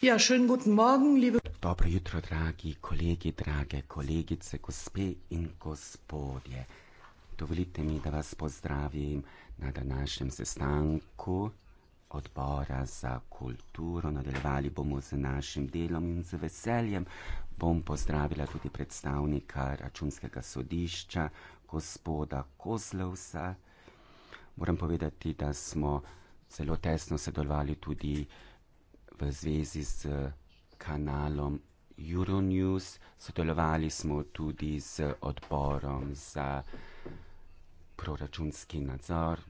Ja, schönen guten Morgen, liebe. Dobro jutro, dragi kolegi, drage kolegice, gospe in gospodje. Dovolite mi, da vas pozdravim na današnjem sestanku odbora za kulturo. Nadaljevali bomo z našim delom in z veseljem bom pozdravila tudi predstavnika računskega sodišča, gospoda Kozlovsa. Moram povedati, da smo zelo tesno sodelovali tudi v zvezi z eh, kanalom Euronews, sodelovali smo tudi z odborom za proračunski nadzor.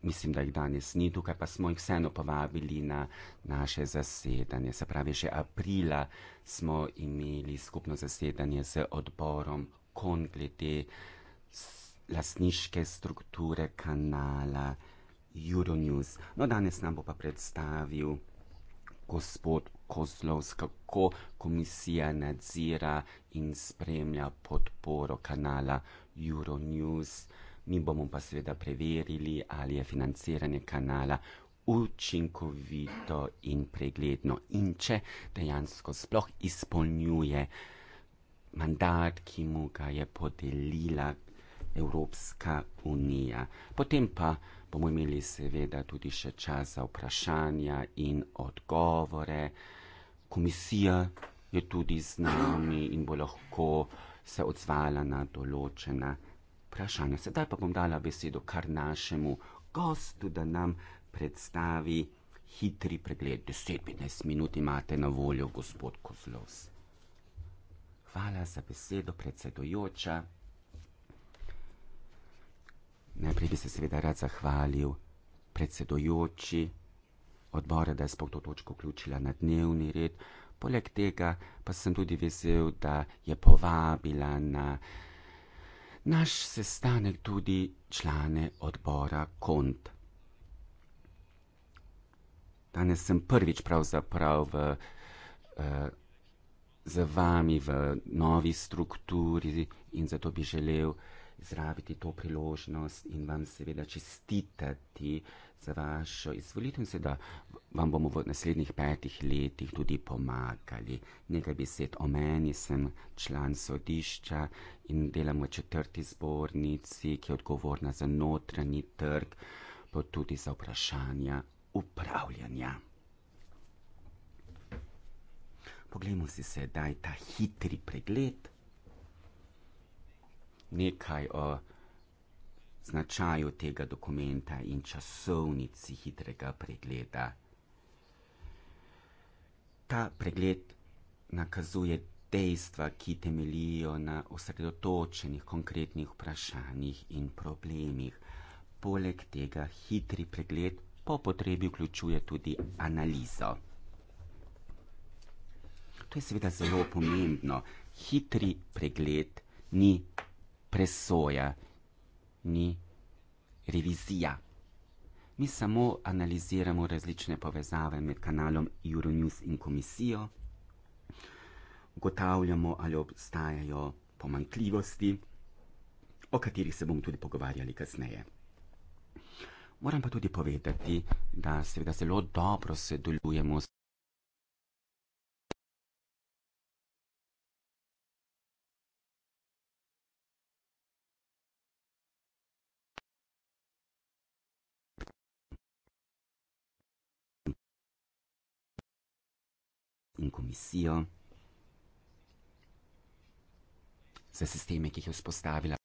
Mislim, da jih danes ni tukaj, pa smo jih vseeno povabili na naše zasedanje. Se pravi, že aprila smo imeli skupno zasedanje z odborom KON glede lasniške strukture kanala Euronews. No, danes nam bo pa predstavil gospod Kozlovs, kako komisija nadzira in spremlja podporo kanala Euronews. Mi bomo pa seveda preverili, ali je financiranje kanala učinkovito in pregledno in če dejansko sploh izpolnjuje mandat, ki mu ga je podelila Evropska unija. Potem pa bomo imeli seveda tudi še čas za vprašanja in odgovore. Komisija je tudi z nami in bo lahko se odzvala na določena vprašanja. Sedaj pa bom dala besedo kar našemu gostu, da nam predstavi hitri pregled. 10-15 minut imate na voljo, gospod Kozlos. Hvala za besedo, predsedojoča. Najprej bi se seveda rad zahvalil predsedojoči odbora, da je spok to točko vključila na dnevni red. Poleg tega pa sem tudi vesel, da je povabila na naš sestanek tudi člane odbora KONT. Danes sem prvič pravzaprav v, uh, z vami v novi strukturi in zato bi želel, zraviti to priložnost in vam seveda čestitati za vašo izvolitev in seveda vam bomo v naslednjih petih letih tudi pomagali. Nekaj besed o meni, sem član sodišča in delam v četrti zbornici, ki je odgovorna za notranji trg, pa tudi za vprašanja upravljanja. Poglejmo si sedaj ta hitri pregled nekaj o značaju tega dokumenta in časovnici hitrega pregleda. Ta pregled nakazuje dejstva, ki temelijo na osredotočenih konkretnih vprašanjih in problemih. Poleg tega hitri pregled po potrebi vključuje tudi analizo. To je seveda zelo pomembno. Hitri pregled ni presoja, ni revizija. Mi samo analiziramo različne povezave med kanalom Euronews in komisijo, ugotavljamo, ali obstajajo pomankljivosti, o katerih se bomo tudi pogovarjali kasneje. Moram pa tudi povedati, da seveda zelo dobro sodelujemo s. in komisijo, za sisteme, ki jih je vzpostavila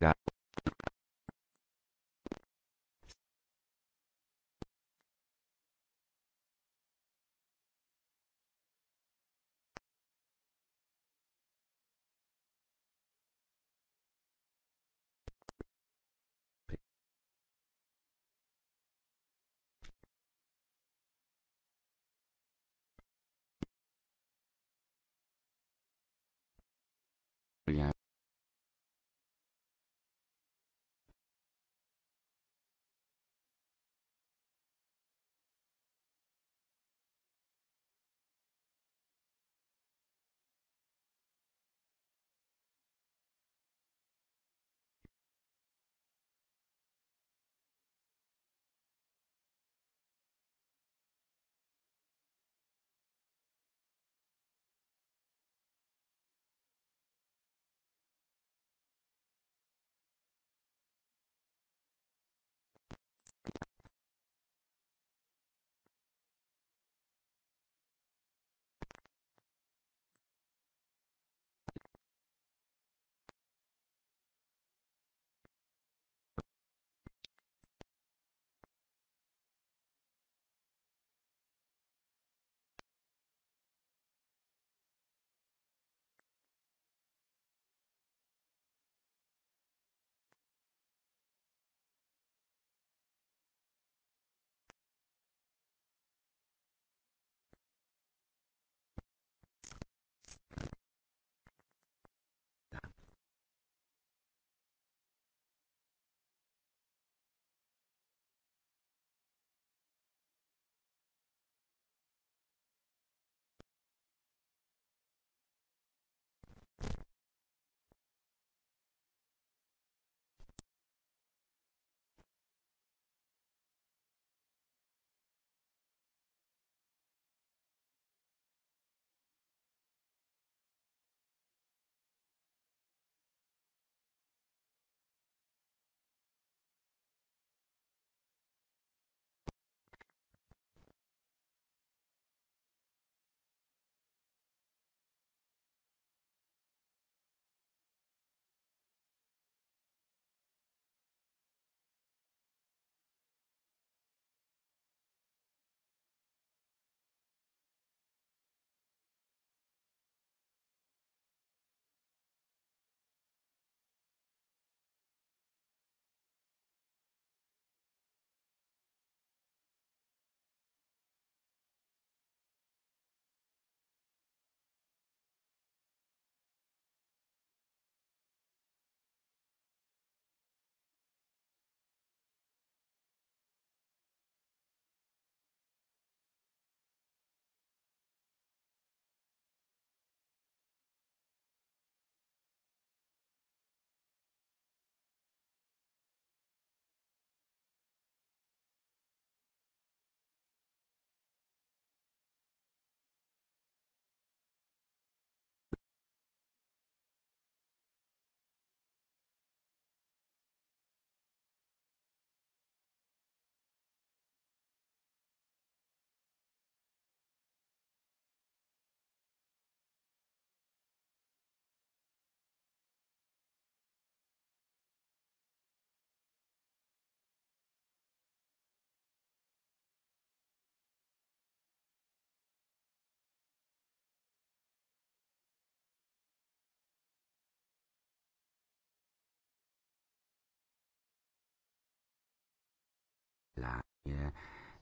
Yeah. Ja. Ja.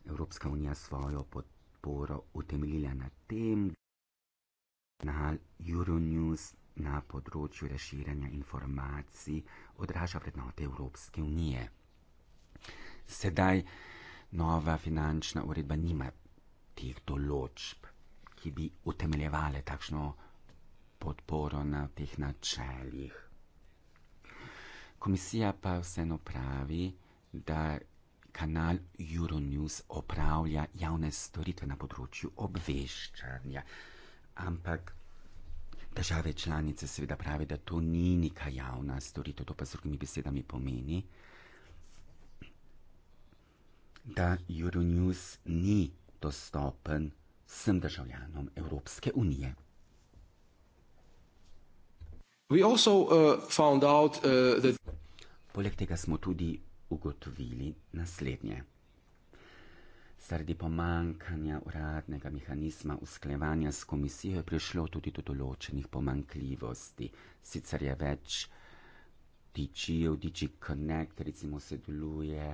Evropska unija svojo podporo utemeljila na tem, na Euronews na področju reširanja informacij odraža vrednote Evropske unije. Sedaj nova finančna uredba nima teh določb, ki bi utemeljevale takšno podporo na teh načeljih. Komisija pa vseeno pravi, da kanal Euronews opravlja javne storitve na področju obveščanja. Ampak. Države članice seveda pravi, da to ni neka javna storitev, to pa z drugimi besedami pomeni, da Euronews ni dostopen vsem državljanom Evropske unije. Also, uh, out, uh, that... Poleg tega smo tudi ugotovili naslednje. Sredi pomankanja uradnega mehanizma usklevanja s komisijo je prišlo tudi do določenih pomankljivosti. Sicer je več DJ-ev, DJ Connect, recimo sedeluje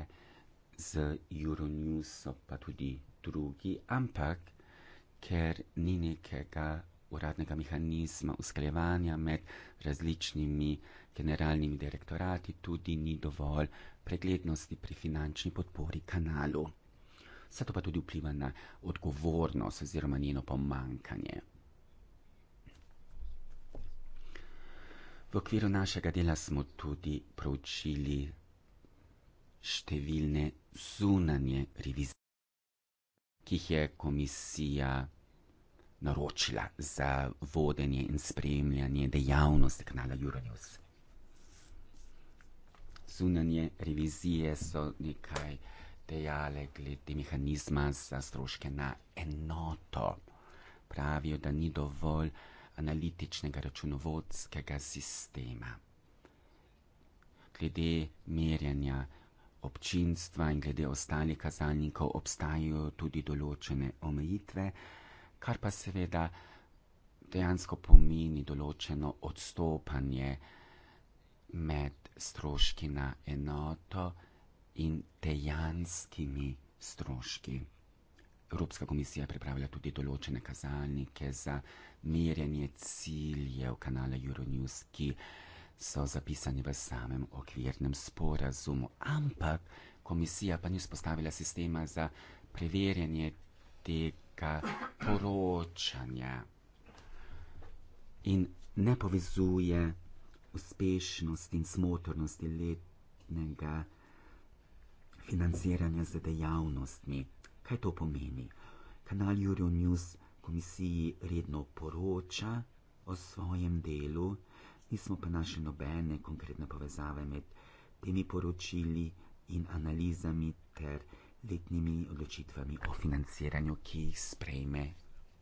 z Euronewso, pa tudi drugi, ampak ker ni nekega uradnega mehanizma usklevanja med različnimi generalnimi direktorati, tudi ni dovolj preglednosti pri finančni podpori kanalu. Vse to pa tudi vpliva na odgovornost oziroma njeno pomankanje. V okviru našega dela smo tudi proučili številne zunanje revizije, ki jih je komisija naročila za vodenje in spremljanje dejavnosti kanala Euronews zunanje revizije so nekaj dejale glede mehanizma za stroške na enoto. Pravijo, da ni dovolj analitičnega računovodskega sistema. Glede merjanja občinstva in glede ostalih kazalnikov obstajajo tudi določene omejitve, kar pa seveda dejansko pomeni določeno odstopanje med stroški na enoto in dejanskimi stroški. Evropska komisija pripravlja tudi določene kazalnike za merjanje ciljev kanala Euronews, ki so zapisani v samem okvirnem sporazumu, ampak komisija pa ni spostavila sistema za preverjanje tega poročanja in ne povezuje uspešnost in smotrnost letnega financiranja z dejavnostmi. Kaj to pomeni? Kanal Euronews komisiji redno poroča o svojem delu, nismo pa našli nobene konkretne povezave med temi poročili in analizami ter letnimi odločitvami o financiranju, ki jih sprejme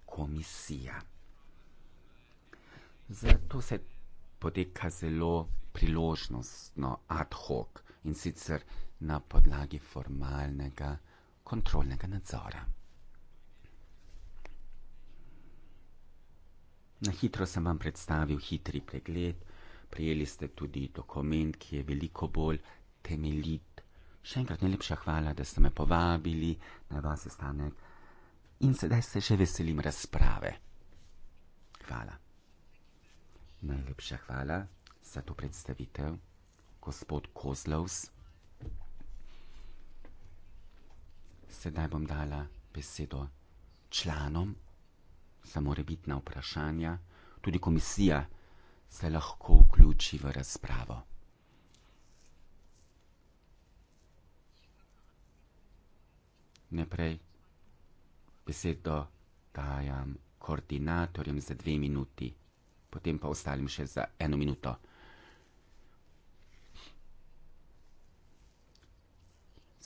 komisija. Zato se poteka zelo priložnostno, ad hoc in sicer na podlagi formalnega kontrolnega nadzora. Na hitro sem vam predstavil hitri pregled, prijeli ste tudi dokument, ki je veliko bolj temeljit. Še enkrat najlepša hvala, da ste me povabili na vas sestanek in sedaj se že veselim razprave. Hvala. Najlepša hvala za to predstavitev, gospod Kozlovs. Sedaj bom dala besedo članom za morebitna vprašanja. Tudi komisija se lahko vključi v razpravo. Najprej besedo dajam koordinatorjem za dve minuti potem pa ostalim še za eno minuto.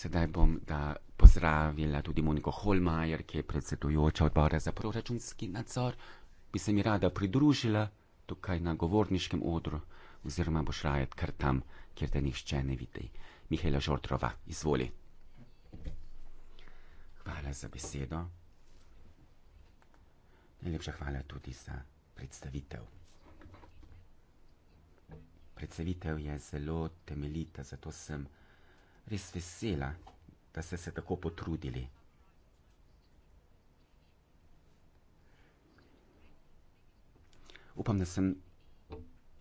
Sedaj bom da pozdravila tudi Moniko Holmajer, ki je predsedujoča odbora za proračunski nadzor. Bi se mi rada pridružila tukaj na govorniškem odru, oziroma boš rajet kar tam, kjer te nihče ne vidi. Mihajla Žortrova, izvoli. Hvala za besedo. Najlepša hvala tudi za predstavitev. Predstavitev je zelo temeljita, zato sem res vesela, da ste se tako potrudili. Upam, da sem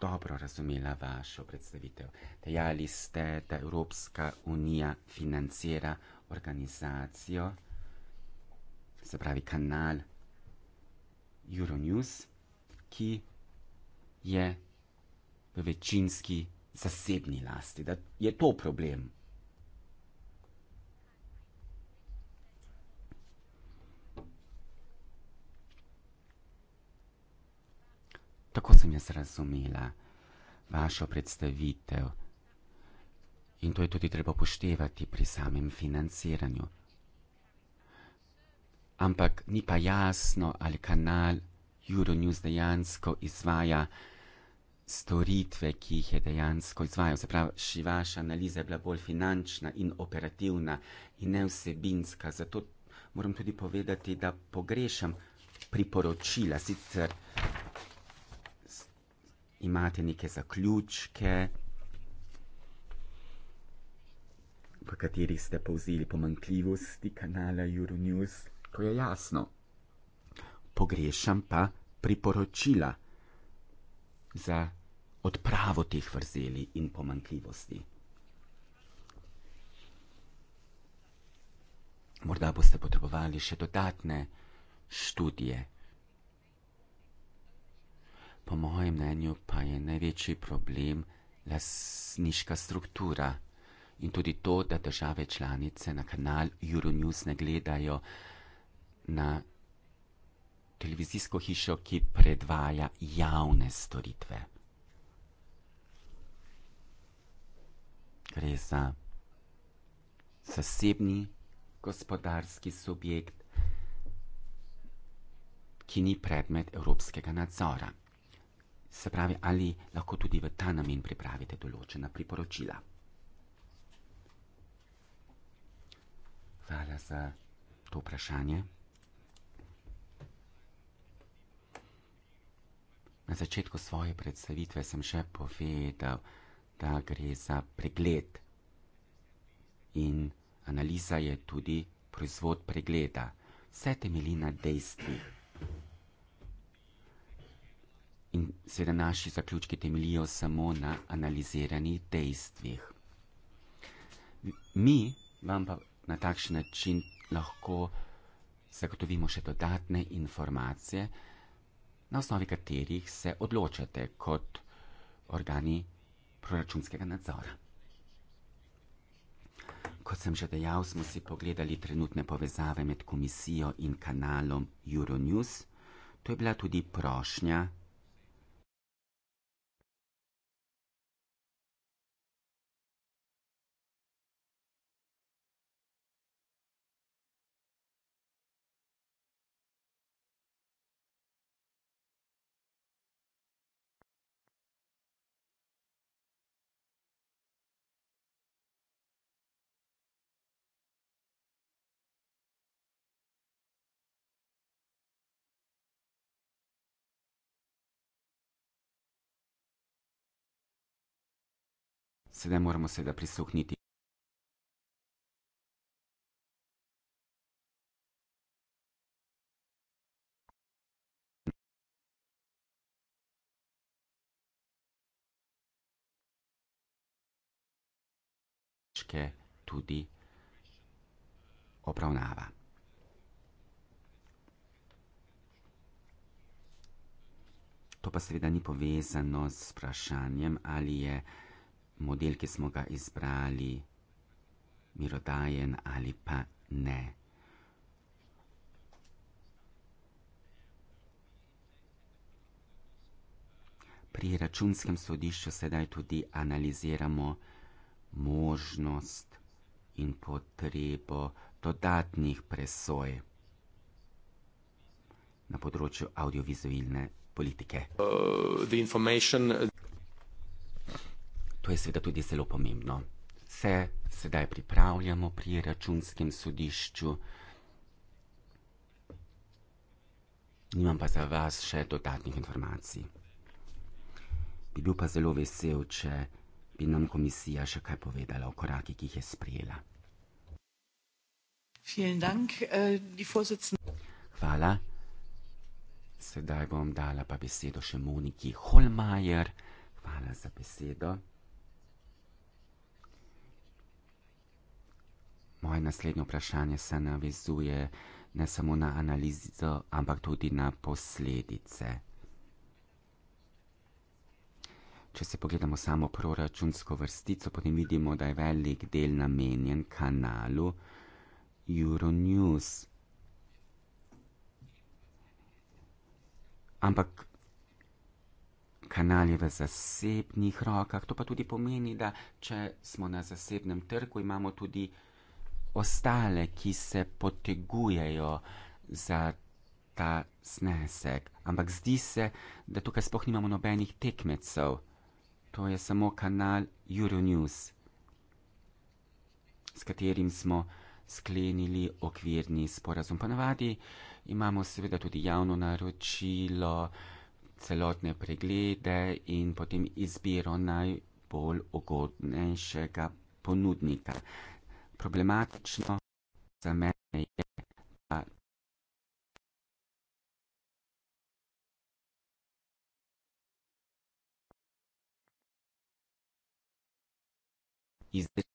dobro razumela vašo predstavitev. Dejali ste, da Evropska unija financira organizacijo, se pravi kanal Euronews ki je v večinski zasebni lasti, da je to problem. Tako sem jaz razumela vašo predstavitev in to je tudi treba upoštevati pri samem financiranju. Ampak ni pa jasno, ali kanal Euronews dejansko izvaja storitve, ki jih je dejansko izvajal. Se pravi, šivaša analiza je bila bolj finančna in operativna in ne vsebinska. Zato moram tudi povedati, da pogrešam priporočila. Sicer imate neke zaključke, v katerih ste povzeli pomankljivosti kanala Euronews, to je jasno pogrešam pa priporočila za odpravo teh vrzeli in pomankljivosti. Morda boste potrebovali še dodatne študije. Po mojem mnenju pa je največji problem lasniška struktura in tudi to, da države članice na kanal Euronews ne gledajo na televizijsko hišo, ki predvaja javne storitve. Gre za zasebni gospodarski subjekt, ki ni predmet evropskega nadzora. Se pravi, ali lahko tudi v ta namen pripravite določena priporočila. Hvala za to vprašanje. Na začetku svoje predstavitve sem še povedal, da gre za pregled in analiza je tudi proizvod pregleda. Vse temelji na dejstvih. In seveda naši zaključki temelijo samo na analiziranih dejstvih. Mi vam pa na takšen način lahko zagotovimo še dodatne informacije, na osnovi katerih se odločate kot organi proračunskega nadzora. Kot sem že dejal, smo si pogledali trenutne povezave med komisijo in kanalom Euronews. To je bila tudi prošnja sedaj moramo se ga prisluhniti. Tudi obravnava. To pa seveda ni povezano z vprašanjem, ali je model, ki smo ga izbrali, mirodajen ali pa ne. Pri računskem sodišču sedaj tudi analiziramo možnost in potrebo dodatnih presoj na področju audiovizualne politike. Uh, To je seveda tudi zelo pomembno. Vse sedaj pripravljamo pri računskem sodišču. Nimam pa za vas še dodatnih informacij. Bi bil pa zelo vesel, če bi nam komisija še kaj povedala o korakih, ki jih je sprejela. Äh, Hvala. Sedaj bom dala pa besedo še Moniki Holmajer. Hvala za besedo. Moje naslednje vprašanje se navezuje ne samo na analizo, ampak tudi na posledice. Če se pogledamo samo proračunsko vrstico, potem vidimo, da je velik del namenjen kanalu Euronews. Ampak kanal je v zasebnih rokah, to pa tudi pomeni, da če smo na zasebnem trgu, imamo tudi ostale, ki se potegujejo za ta znesek. Ampak zdi se, da tukaj sploh nimamo nobenih tekmecev. To je samo kanal Euronews, s katerim smo sklenili okvirni sporazum. Ponavadi imamo seveda tudi javno naročilo, celotne preglede in potem izbiro najbolj ugodnejšega ponudnika problematično za mene je, da izdržim.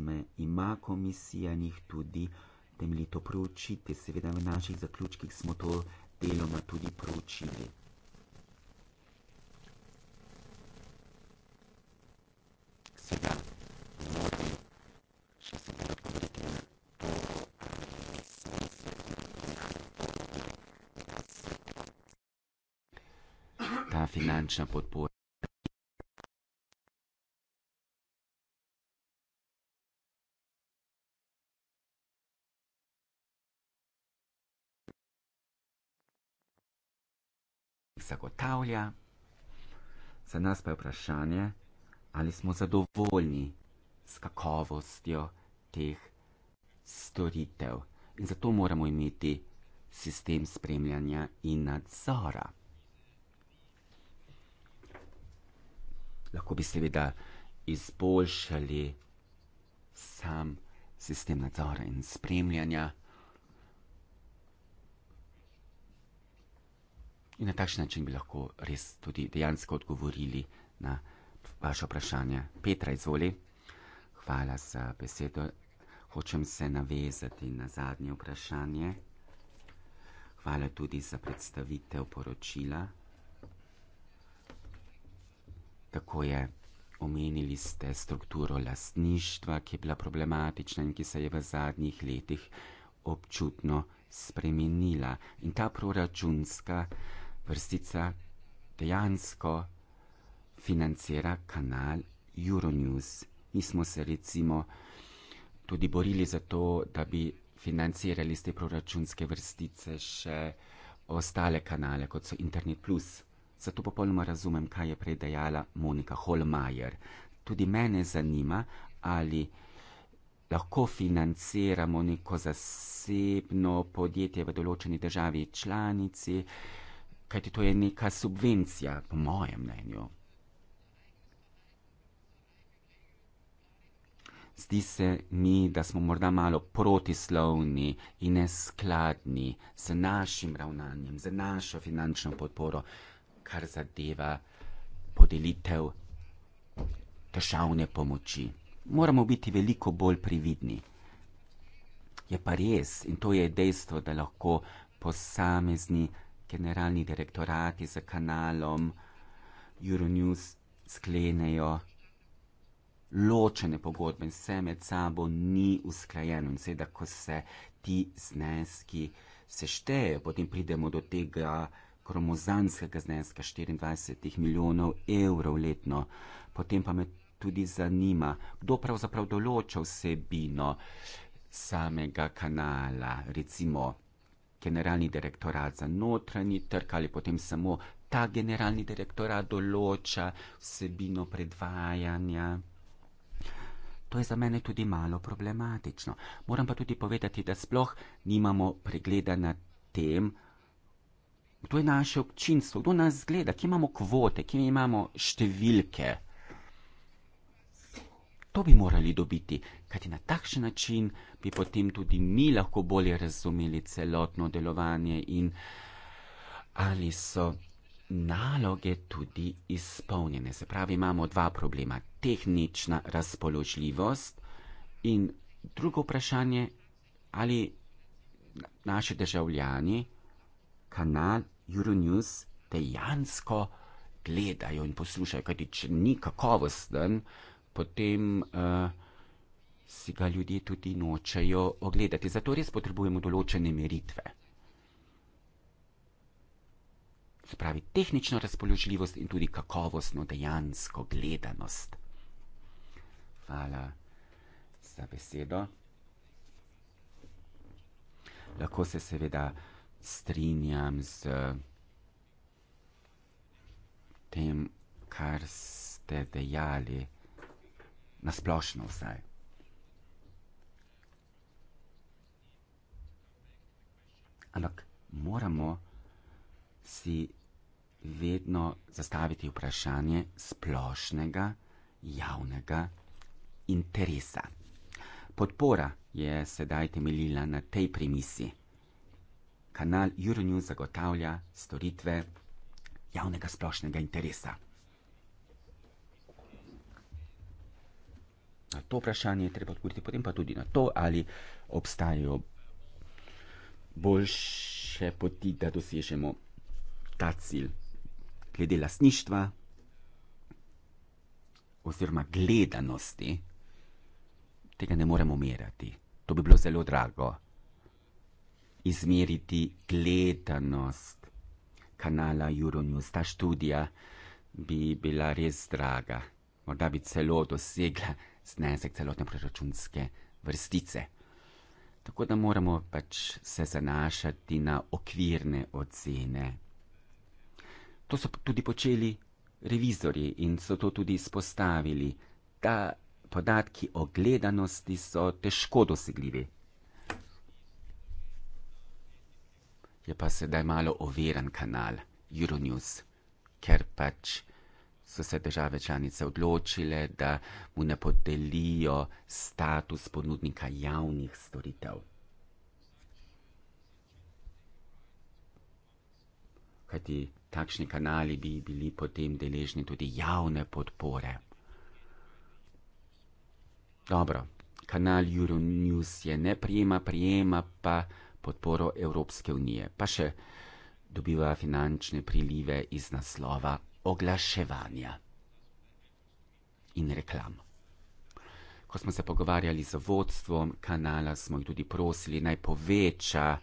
vzme, ima komisija njih tudi temeljito proučiti, seveda v naših zaključkih smo to deloma tudi proučili. Finančna podpora. ponavlja. Za nas pa je vprašanje, ali smo zadovoljni s kakovostjo teh storitev. In zato moramo imeti sistem spremljanja in nadzora. Lahko bi seveda izboljšali sam sistem nadzora in spremljanja. In na takšen način bi lahko res tudi dejansko odgovorili na vaše vprašanje. Petra, izvoli. Hvala za besedo. Hočem se navezati na zadnje vprašanje. Hvala tudi za predstavitev poročila. Tako je, omenili ste strukturo lastništva, ki je bila problematična in ki se je v zadnjih letih občutno spremenila. In ta proračunska vrstica dejansko financira kanal Euronews. Mi smo se recimo tudi borili za to, da bi financirali iz te proračunske vrstice še ostale kanale, kot so Internet Plus. Zato popolnoma razumem, kaj je prej dejala Monika Holmajer. Tudi mene zanima, ali lahko financiramo neko zasebno podjetje v določeni državi članici kajti to je neka subvencija, po mojem mnenju. Zdi se mi, da smo morda malo protislovni in neskladni z našim ravnanjem, z našo finančno podporo, kar zadeva podelitev državne pomoči. Moramo biti veliko bolj prividni. Je pa res, in to je dejstvo, da lahko posamezni generalni direktorati za kanalom Euronews sklenejo ločene pogodbe in vse med sabo ni usklajeno. In seveda, ko se ti zneski seštejejo, potem pridemo do tega kromozanskega zneska 24 milijonov evrov letno. Potem pa me tudi zanima, kdo pravzaprav določa vsebino samega kanala, recimo generalni direktorat za notranji trg ali potem samo ta generalni direktorat določa vsebino predvajanja. To je za mene tudi malo problematično. Moram pa tudi povedati, da sploh nimamo pregleda nad tem, kdo je naše občinstvo, kdo nas gleda, kje imamo kvote, kje imamo številke. To bi morali dobiti, kajti na takšen način bi potem tudi mi lahko bolje razumeli celotno delovanje in ali so naloge tudi izpolnjene. Se pravi, imamo dva problema: tehnična razpoložljivost in drugo vprašanje, ali naši državljani kanal Euronews dejansko gledajo in poslušajo, kajti če ni kakovosten, potem uh, si ga ljudje tudi nočejo ogledati. Zato res potrebujemo določene meritve. Spravi tehnično razpoložljivost in tudi kakovostno dejansko gledanost. Hvala za besedo. Lahko se seveda strinjam z tem, kar ste dejali na splošno vsaj. Ampak moramo si vedno zastaviti vprašanje splošnega javnega interesa. Podpora je sedaj temeljila na tej premisi. Kanal Euronews zagotavlja storitve javnega splošnega interesa. Na to vprašanje je treba odgovoriti, potem pa tudi na to, ali obstajajo boljše poti, da dosežemo ta cilj. Glede lasništva oziroma gledanosti, tega ne moremo merati. To bi bilo zelo drago. Izmeriti gledanost kanala Euronews, ta študija bi bila res draga. Morda bi celo dosegla znesek celotne proračunske vrstice. Tako da moramo pač se zanašati na okvirne ocene. To so tudi počeli revizori in so to tudi izpostavili, da podatki o gledanosti so težko dosegljivi. Je pa sedaj malo overen kanal Euronews, ker pač so se države članice odločile, da mu ne podelijo status ponudnika javnih storitev. Kajti takšni kanali bi bili potem deležni tudi javne podpore. Dobro, kanal Euronews je ne prijema, prijema pa podporo Evropske unije, pa še dobiva finančne prilive iz naslova oglaševanja in reklam. Ko smo se pogovarjali z vodstvom kanala, smo jih tudi prosili, naj poveča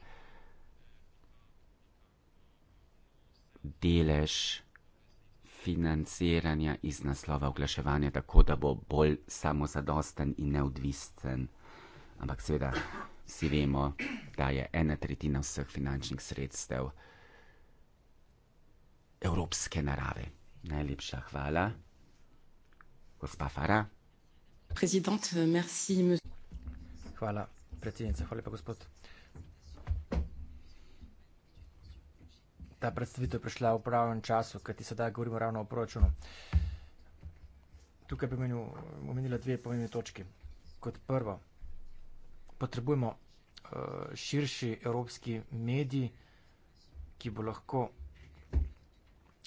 delež financiranja iz naslova oglaševanja, tako da bo bolj samozadosten in neodvisten. Ampak seveda vsi vemo, da je ena tretjina vseh finančnih sredstev evropske narave. Najlepša hvala, gospa Fara. Prezident, merci. Hvala, predsednica. Hvala lepa, gospod. Ta predstavitev je prišla v pravem času, kajti sedaj govorimo ravno o proračunu. Tukaj bi omenila dve pomembne točke. Kot prvo, potrebujemo eh, širši evropski medij, ki bo lahko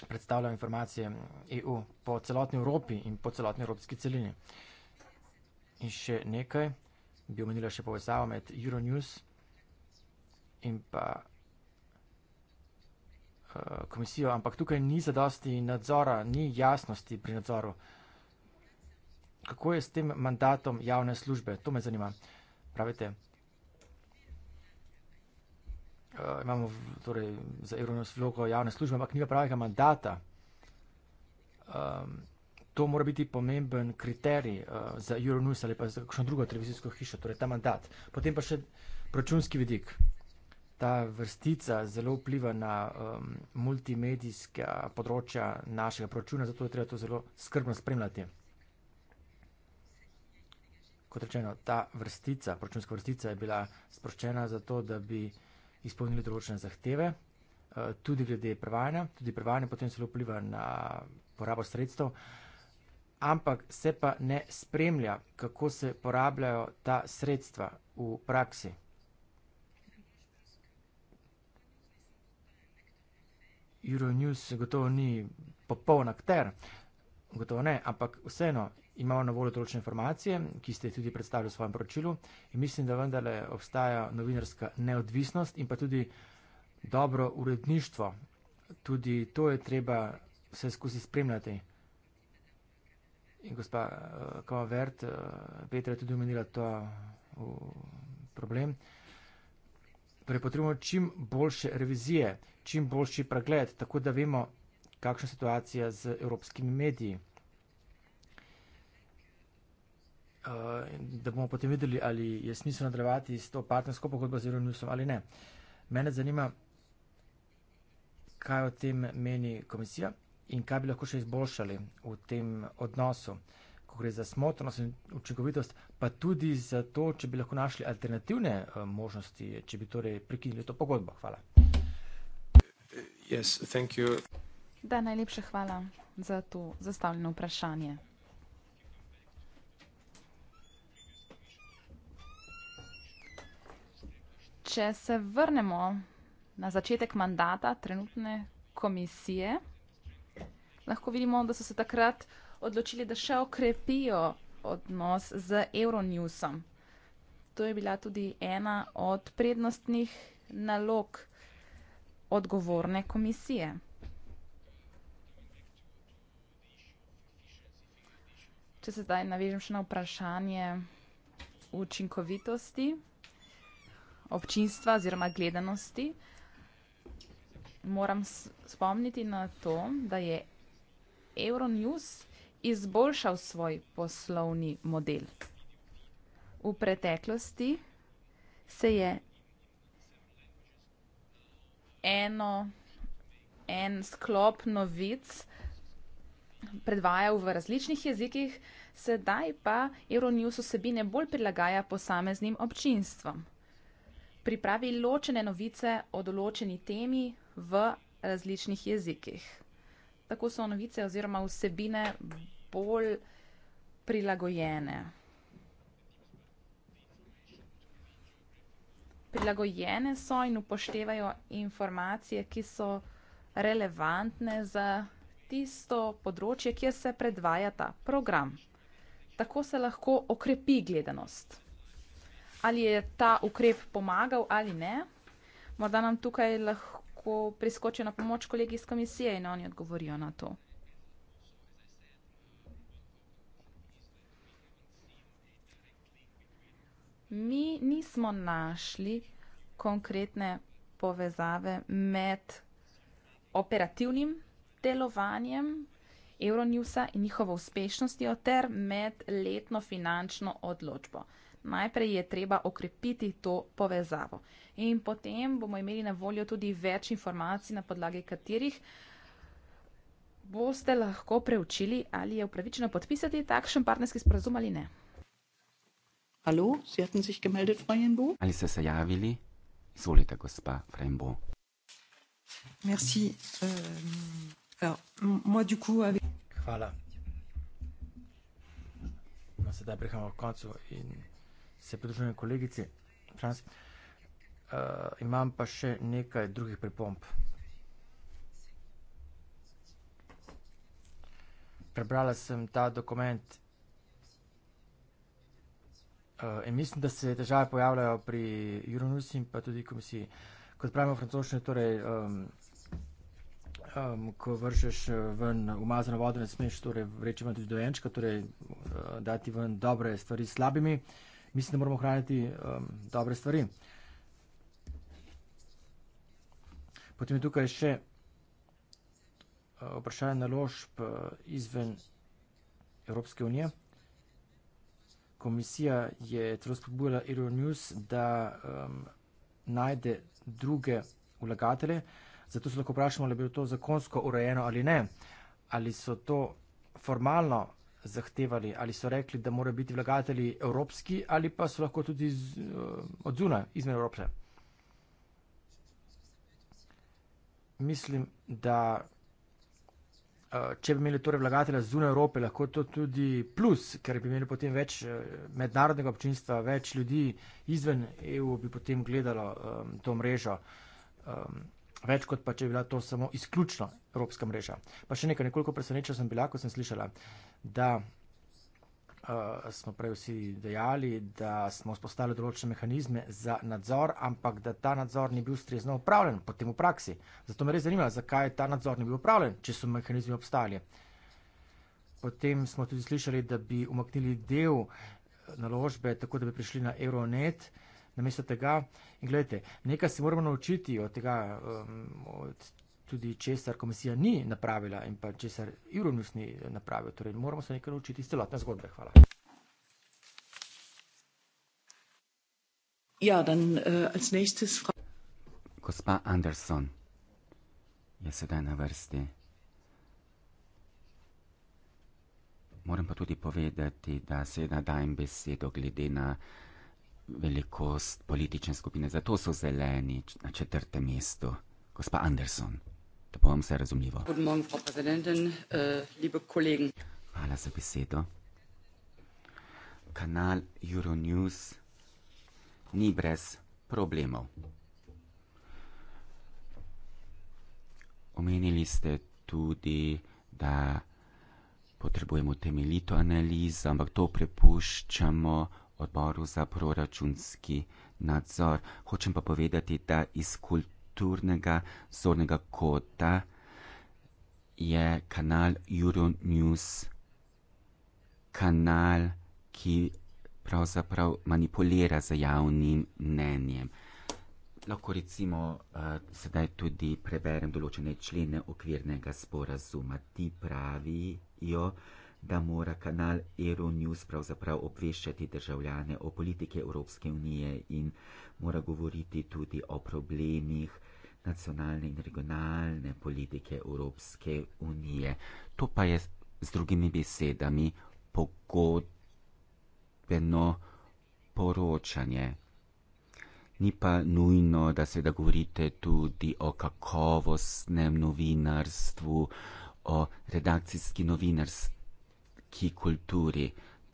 predstavljajo informacije EU po celotni Evropi in po celotni evropski celini. In še nekaj, bi omenila še povezavo med Euronews in pa uh, komisijo, ampak tukaj ni zadosti nadzora, ni jasnosti pri nadzoru. Kako je s tem mandatom javne službe? To me zanima. Pravite, uh, imamo torej, za Euronews vlogo javne službe, ampak nima pravega mandata. Um, to mora biti pomemben kriterij uh, za Euronews ali pa za kakšno drugo televizijsko hišo, torej ta mandat. Potem pa še računski vidik. Ta vrstica zelo vpliva na um, multimedijska področja našega proračuna, zato je treba to zelo skrbno spremljati. Kot rečeno, ta vrstica, proračunska vrstica je bila sproščena zato, da bi izpolnili določene zahteve, eh, tudi glede prevajanja, tudi prevajanje potem zelo vpliva na porabo sredstev, ampak se pa ne spremlja, kako se porabljajo ta sredstva v praksi. Euronews gotovo ni popoln akter, gotovo ne, ampak vseeno imamo na voljo določene informacije, ki ste jih tudi predstavili v svojem poročilu in mislim, da vendarle obstaja novinarska neodvisnost in pa tudi dobro uredništvo. Tudi to je treba vse skozi spremljati. In gospa uh, eh, Kovavert, uh, eh, Petra je tudi omenila to uh, problem. Prepotrebujemo torej, čim boljše revizije, čim boljši pregled, tako da vemo, kakšna situacija z evropskimi mediji. Eh, da bomo potem videli, ali je smiselno nadaljevati s to partnersko pogodbo z Euronewsom ali ne. Mene zanima, kaj o tem meni komisija in kaj bi lahko še izboljšali v tem odnosu, ko gre za smotrnost in učinkovitost, pa tudi za to, če bi lahko našli alternativne eh, možnosti, če bi torej prekinili to pogodbo. Hvala. Yes, da, najlepša hvala za to zastavljeno vprašanje. če se vrnemo na začetek mandata trenutne komisije, lahko vidimo, da so se takrat odločili, da še okrepijo odnos z Euronewsom. To je bila tudi ena od prednostnih nalog odgovorne komisije. Če se zdaj navežem še na vprašanje učinkovitosti občinstva oziroma gledanosti. Moram spomniti na to, da je Euronews izboljšal svoj poslovni model. V preteklosti se je eno, en sklop novic predvajal v različnih jezikih, sedaj pa Euronews vsebine bolj prilagaja posameznim občinstvom pripravi ločene novice o določeni temi v različnih jezikih. Tako so novice oziroma vsebine bolj prilagojene. Prilagojene so in upoštevajo informacije, ki so relevantne za tisto področje, kjer se predvaja ta program. Tako se lahko okrepi gledanost ali je ta ukrep pomagal ali ne. Morda nam tukaj lahko priskočijo na pomoč kolegi iz komisije in oni odgovorijo na to. Mi nismo našli konkretne povezave med operativnim delovanjem Euronewsa in njihovo uspešnostjo ter med letno finančno odločbo najprej je treba okrepiti to povezavo. In potem bomo imeli na voljo tudi več informacij, na podlagi katerih boste lahko preučili, ali je upravičeno podpisati takšen partnerski sporazum ali ne. Hallo, Sie hatten sich gemeldet, Frau Jenbo? Ali ste se javili? Izvolite, gospa Frembo. Merci. Uh, alors, moi, du coup, avec... Hvala. No, sedaj prihajamo k koncu in se pridružujem kolegici Frans. Uh, eh, imam pa še nekaj drugih pripomb. Prebrala sem ta dokument uh, in mislim, da se težave pojavljajo pri Euronews in pa tudi komisiji. Kot pravimo francoščine, torej, um, um, ko vržeš eh, ven umazano vodo, ne smeš torej, vreči ven tudi dojenčka, torej uh, dati ven dobre stvari s slabimi. Uh, mislim, da moramo hraniti um, dobre stvari. Potem je tukaj še uh, vprašanje naložb uh, izven Evropske unije. Komisija je celo spodbujala Euronews, da um, najde druge vlagatelje, zato se lahko vprašamo, ali je bilo to zakonsko urejeno ali ne, ali so to formalno zahtevali, ali so rekli, da morajo biti vlagatelji evropski ali pa so lahko tudi iz, eh, od zunaj, izmed Evrope. Mislim, da eh, če bi imeli torej vlagatelja zunaj Evrope, lahko to tudi plus, ker bi imeli potem več eh, mednarodnega občinstva, več ljudi izven EU bi potem gledalo um, to mrežo. Um, Več kot pa, če je bila to samo izključno evropska mreža. Pa še nekaj, nekoliko presenečen sem bila, ko sem slišala, da uh, smo prej vsi dejali, da smo spostali določene mehanizme za nadzor, ampak da ta nadzor ni bil strezno upravljen potem v praksi. Zato me res zanima, zakaj ta nadzor ni bil upravljen, če so mehanizmi obstali. Potem smo tudi slišali, da bi umaknili del eh, naložbe, tako da bi prišli na Euronet. Uh, namesto tega. In gledajte, nekaj se moramo naučiti od tega, um, od tudi česar komisija ni napravila in pa česar Euronews ni napravil. Torej, moramo se nekaj naučiti iz celotne zgodbe. Hvala. Ja, dan, uh, Gospa Anderson je sedaj na vrsti. Moram pa tudi povedati, da seveda dajem besedo glede na uh, velikost politične skupine. Zato so zeleni na četrtem mestu. Gospa Anderson, da bo vam vse razumljivo. Äh, Hvala za besedo. Kanal Euronews ni brez problemov. Omenili ste tudi, da potrebujemo temeljito analizo, ampak to prepuščamo odboru za proračunski nadzor. Hočem pa povedati, da iz kulturnega zornega kota je kanal Euronews kanal, ki pravzaprav manipulira z javnim mnenjem. Lahko recimo uh, sedaj tudi preberem določene člene okvirnega sporazuma. Ti pravijo, da mora kanal Euronews pravzaprav obveščati državljane o politike Evropske unije in mora govoriti tudi o problemih nacionalne in regionalne politike Evropske unije. To pa je z drugimi besedami pogodbeno poročanje. Ni pa nujno, da seveda govorite tudi o kakovostnem novinarstvu, o redakcijski novinarstvu ki kulturi,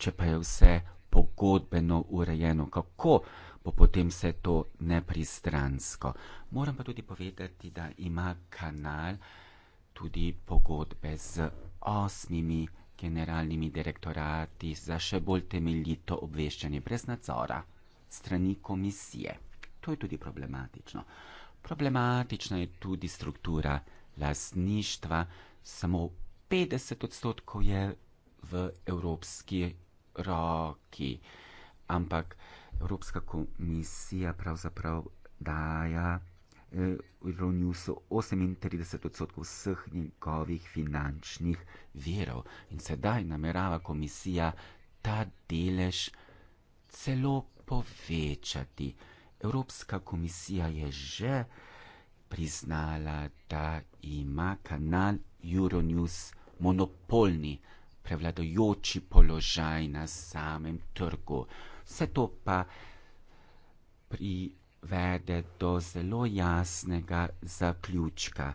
če pa je vse pogodbeno urejeno, kako bo potem vse to nepristransko. Moram pa tudi povedati, da ima kanal tudi pogodbe z osmimi generalnimi direktorati za še bolj temeljito obveščanje brez nadzora strani komisije. To je tudi problematično. Problematična je tudi struktura lasništva, samo 50 odstotkov je v evropski roki. Ampak Evropska komisija pravzaprav daja Euronewsu eh, 38 odstotkov vseh njegovih finančnih virov. In sedaj namerava komisija ta delež celo povečati. Evropska komisija je že priznala, da ima kanal Euronews monopolni prevladojoči položaj na samem trgu. Vse to pa privede do zelo jasnega zaključka.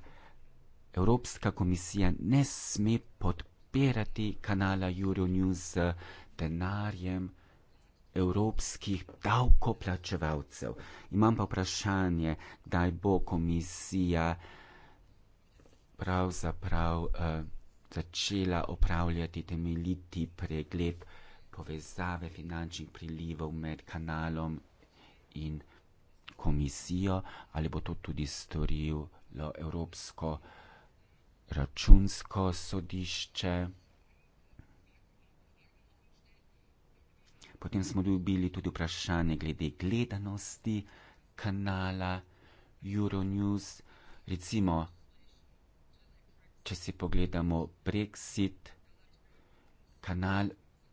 Evropska komisija ne sme podpirati kanala Euronews z denarjem evropskih davkoplačevalcev. Imam pa vprašanje, kdaj bo komisija pravzaprav uh, začela opravljati temeljiti pregled povezave finančnih prilivov med kanalom in komisijo, ali bo to tudi storilo Evropsko računsko sodišče. Potem smo dobili tudi vprašanje glede gledanosti kanala Euronews, recimo če si pogledamo Brexit, kanal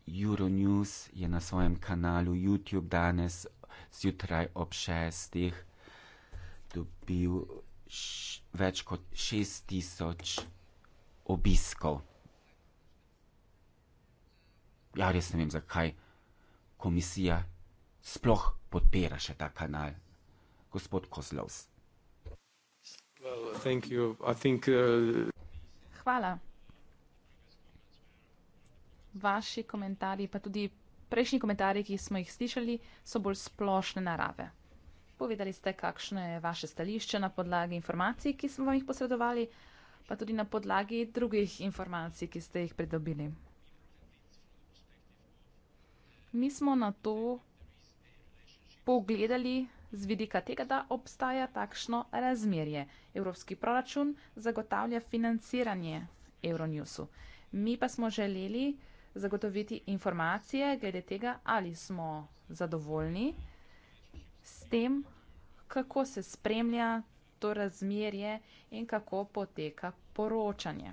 Euronews je na svojem kanalu YouTube danes zjutraj ob šestih dobil več kot šest tisoč obiskov. Ja, res ne vem, zakaj komisija sploh podpira še ta kanal. Gospod Kozlovs. Well, thank you. I think uh hvala. Vaši komentarji, pa tudi prejšnji komentarji, ki smo jih slišali, so bolj splošne narave. Povedali ste, kakšno je vaše stališče na podlagi informacij, ki smo vam jih posredovali, pa tudi na podlagi drugih informacij, ki ste jih pridobili. Mi smo na to pogledali z vidika tega, da obstaja takšno razmerje. Evropski proračun zagotavlja financiranje Euronewsu. Mi pa smo želeli zagotoviti informacije glede tega, ali smo zadovoljni s tem, kako se spremlja to razmerje in kako poteka poročanje.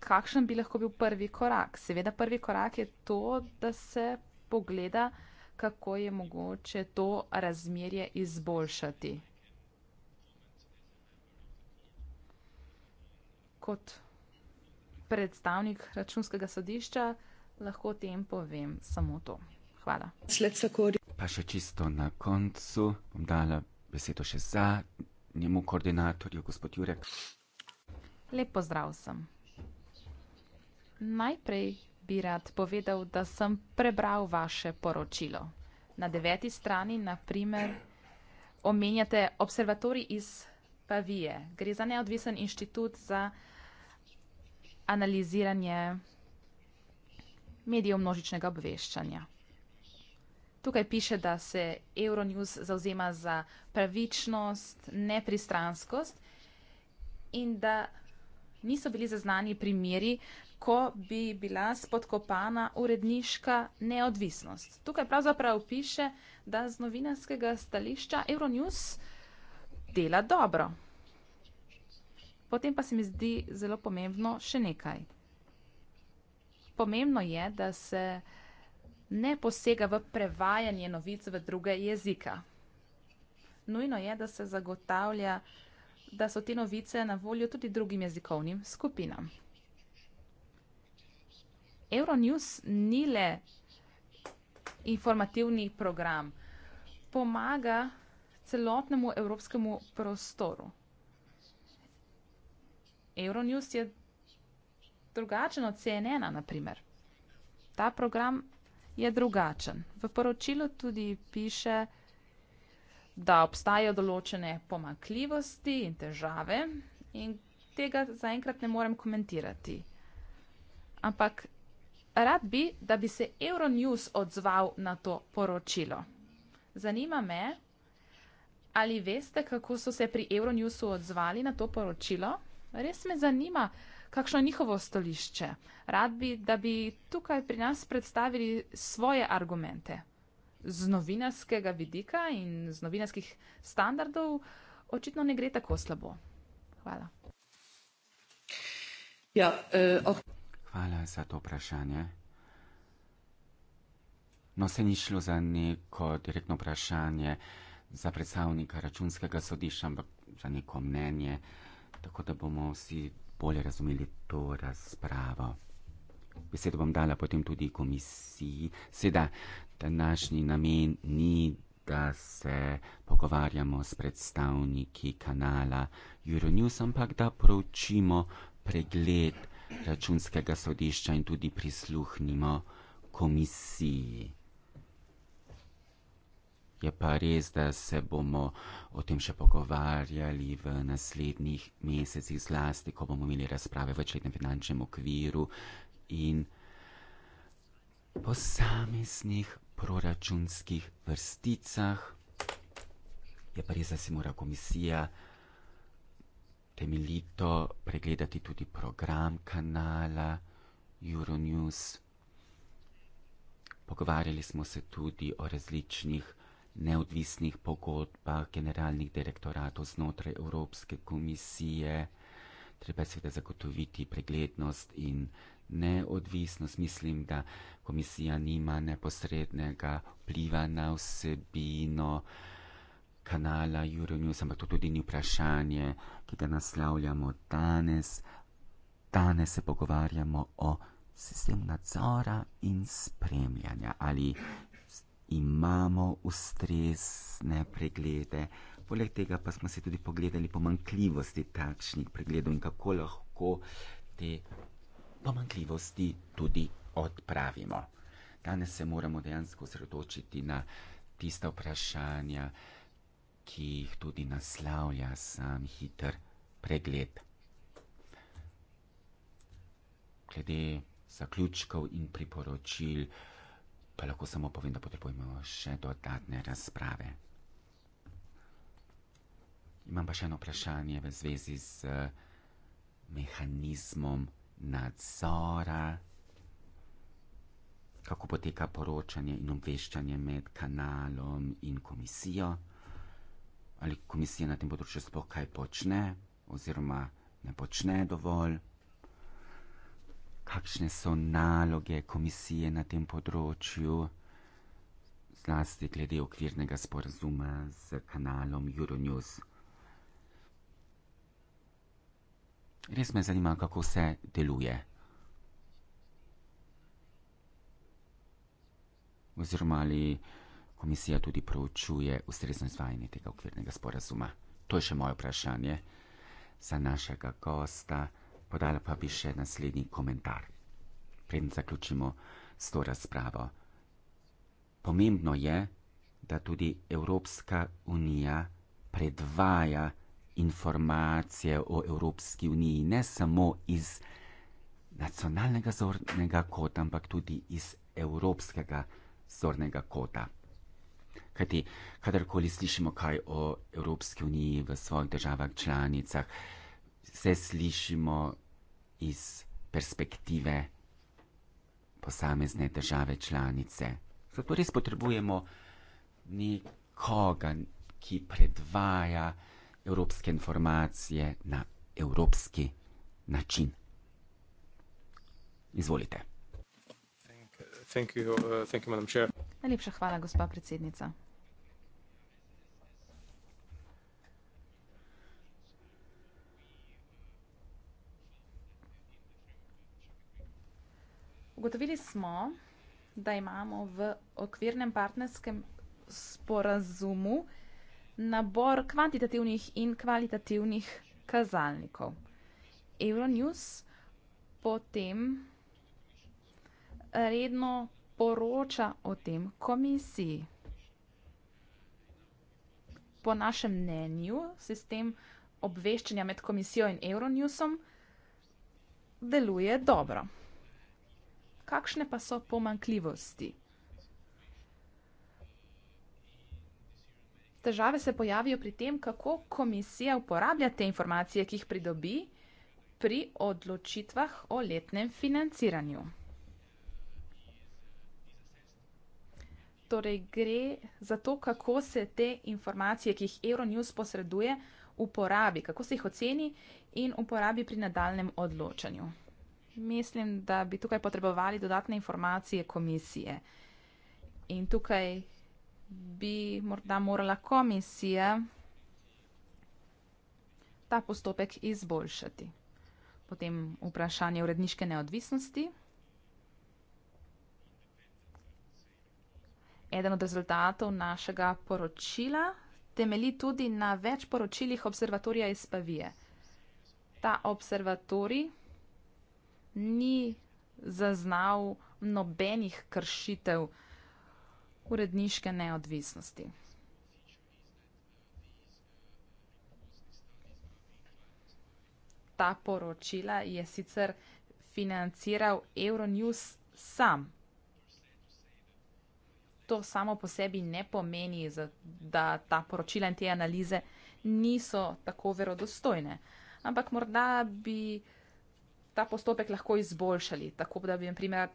Kakšen bi lahko bil prvi korak? Seveda prvi korak je to, da se pogleda, kako je mogoče to razmerje izboljšati. Kot predstavnik računskega sodišča lahko o tem povem samo to. Hvala. Pa še čisto na koncu bom dala besedo še za njemu koordinatorju, gospod Jurek. Lep pozdrav sem. Najprej bi rad povedal, da sem prebral vaše poročilo. Na deveti strani, na primer, omenjate observatorij iz Pavije. Gre za neodvisen inštitut za analiziranje medijev množičnega obveščanja. Tukaj piše, da se Euronews zauzema za pravičnost, nepristranskost in da niso bili zaznani primeri, ko bi bila spodkopana uredniška neodvisnost. Tukaj pravzaprav piše, da z novinarskega stališča Euronews dela dobro. Potem pa se mi zdi zelo pomembno še nekaj. Pomembno je, da se ne posega v prevajanje novic v druge jezika. Nujno je, da se zagotavlja, da so te novice na voljo tudi drugim jezikovnim skupinam. Euronews ni le informativni program, pomaga celotnemu evropskemu prostoru. Euronews je drugačen od CNN-a, naprimer. Ta program je drugačen. V poročilu tudi piše, da obstajajo določene pomakljivosti in težave in tega zaenkrat ne morem komentirati. Ampak rad bi, da bi se Euronews odzval na to poročilo. Zanima me, ali veste, kako so se pri Euronewsu odzvali na to poročilo? Res me zanima, kakšno je njihovo stališče. Rad bi, da bi tukaj pri nas predstavili svoje argumente. Z novinarskega vidika in z novinarskih standardov očitno ne gre tako slabo. Hvala. Ja, uh, okay. Hvala za to vprašanje. No, se ni šlo za neko direktno vprašanje za predstavnika računskega sodišča, ampak za neko mnenje, tako da bomo vsi bolje razumeli to razpravo. Besedo bom dala potem tudi komisiji. Seveda, današnji namen ni, da se pogovarjamo s predstavniki kanala Euronews, ampak da proučimo pregled računskega sodišča in tudi prisluhnimo komisiji. Je pa res, da se bomo o tem še pogovarjali v naslednjih mesecih, zlasti, ko bomo imeli razprave v večletnem finančnem okviru in posameznih proračunskih vrsticah. Je pa res, da se mora komisija temeljito pregledati tudi program kanala Euronews. Pogovarjali smo se tudi o različnih neodvisnih pogodbah generalnih direktoratov znotraj Evropske komisije. Treba seveda zagotoviti preglednost in neodvisnost. Mislim, da komisija nima neposrednega vpliva na vsebino, uh, kanala Euronews, ampak to tudi ni vprašanje, ki ga naslavljamo danes. Danes se pogovarjamo o sistemu nadzora in spremljanja, ali imamo ustrezne preglede. Poleg tega pa smo si tudi pogledali pomankljivosti takšnih pregledov in kako lahko te pomankljivosti tudi odpravimo. Danes se moramo dejansko osredotočiti na tiste vprašanja, ki ki jih tudi naslavlja sam hiter pregled. Glede zaključkov in priporočil, pa lahko samo povem, da potrebujemo še dodatne razprave. Imam pa še eno vprašanje v zvezi z mehanizmom nadzora, kako poteka poročanje in obveščanje med kanalom in komisijo ali komisija na tem področju sploh kaj počne oziroma ne počne dovolj, kakšne so naloge komisije na tem področju, zlasti glede okvirnega sporazuma z kanalom Euronews. Res me zanima, kako vse deluje. Oziroma ali komisija tudi proučuje ustrezno izvajanje tega okvirnega sporazuma? To je še moje vprašanje za našega gosta, podala pa bi še naslednji komentar. Preden zaključimo s to razpravo. Pomembno je, da tudi Evropska unija predvaja informacije o Evropski uniji ne samo iz nacionalnega zornega kota, ampak tudi iz evropskega zornega kota. Kajti, kadarkoli slišimo kaj o Evropski uniji v svojih državah članicah, se slišimo iz perspektive posamezne države članice. Zato res potrebujemo nekoga, ki predvaja evropske informacije na evropski način. Izvolite. Thank you, uh, thank you, madam chair. Najlepša hvala, gospa predsednica. Ugotovili smo, da imamo v okvirnem partnerskem sporazumu nabor kvantitativnih in kvalitativnih kazalnikov. Euronews potem redno poroča o tem komisiji. Po našem mnenju sistem obveščanja med komisijo in Euronewsom deluje dobro. Kakšne pa so pomankljivosti? Težave se pojavijo pri tem, kako komisija uporablja te informacije, ki jih pridobi pri odločitvah o letnem financiranju. torej gre za to, kako se te informacije, ki jih Euronews posreduje, uporabi, kako se jih oceni in uporabi pri nadaljem odločanju. Mislim, da bi tukaj potrebovali dodatne informacije komisije. In tukaj bi morda morala komisija ta postopek izboljšati. Potem vprašanje uredniške neodvisnosti. Eden od rezultatov našega poročila temelji tudi na več poročilih observatorija iz Pavije. Ta observatorij ni zaznal nobenih kršitev uredniške neodvisnosti. Ta poročila je sicer financiral Euronews sam to samo po sebi ne pomeni, da ta poročila in te analize niso tako verodostojne. Ampak morda bi ta postopek lahko izboljšali, tako da bi, na primer,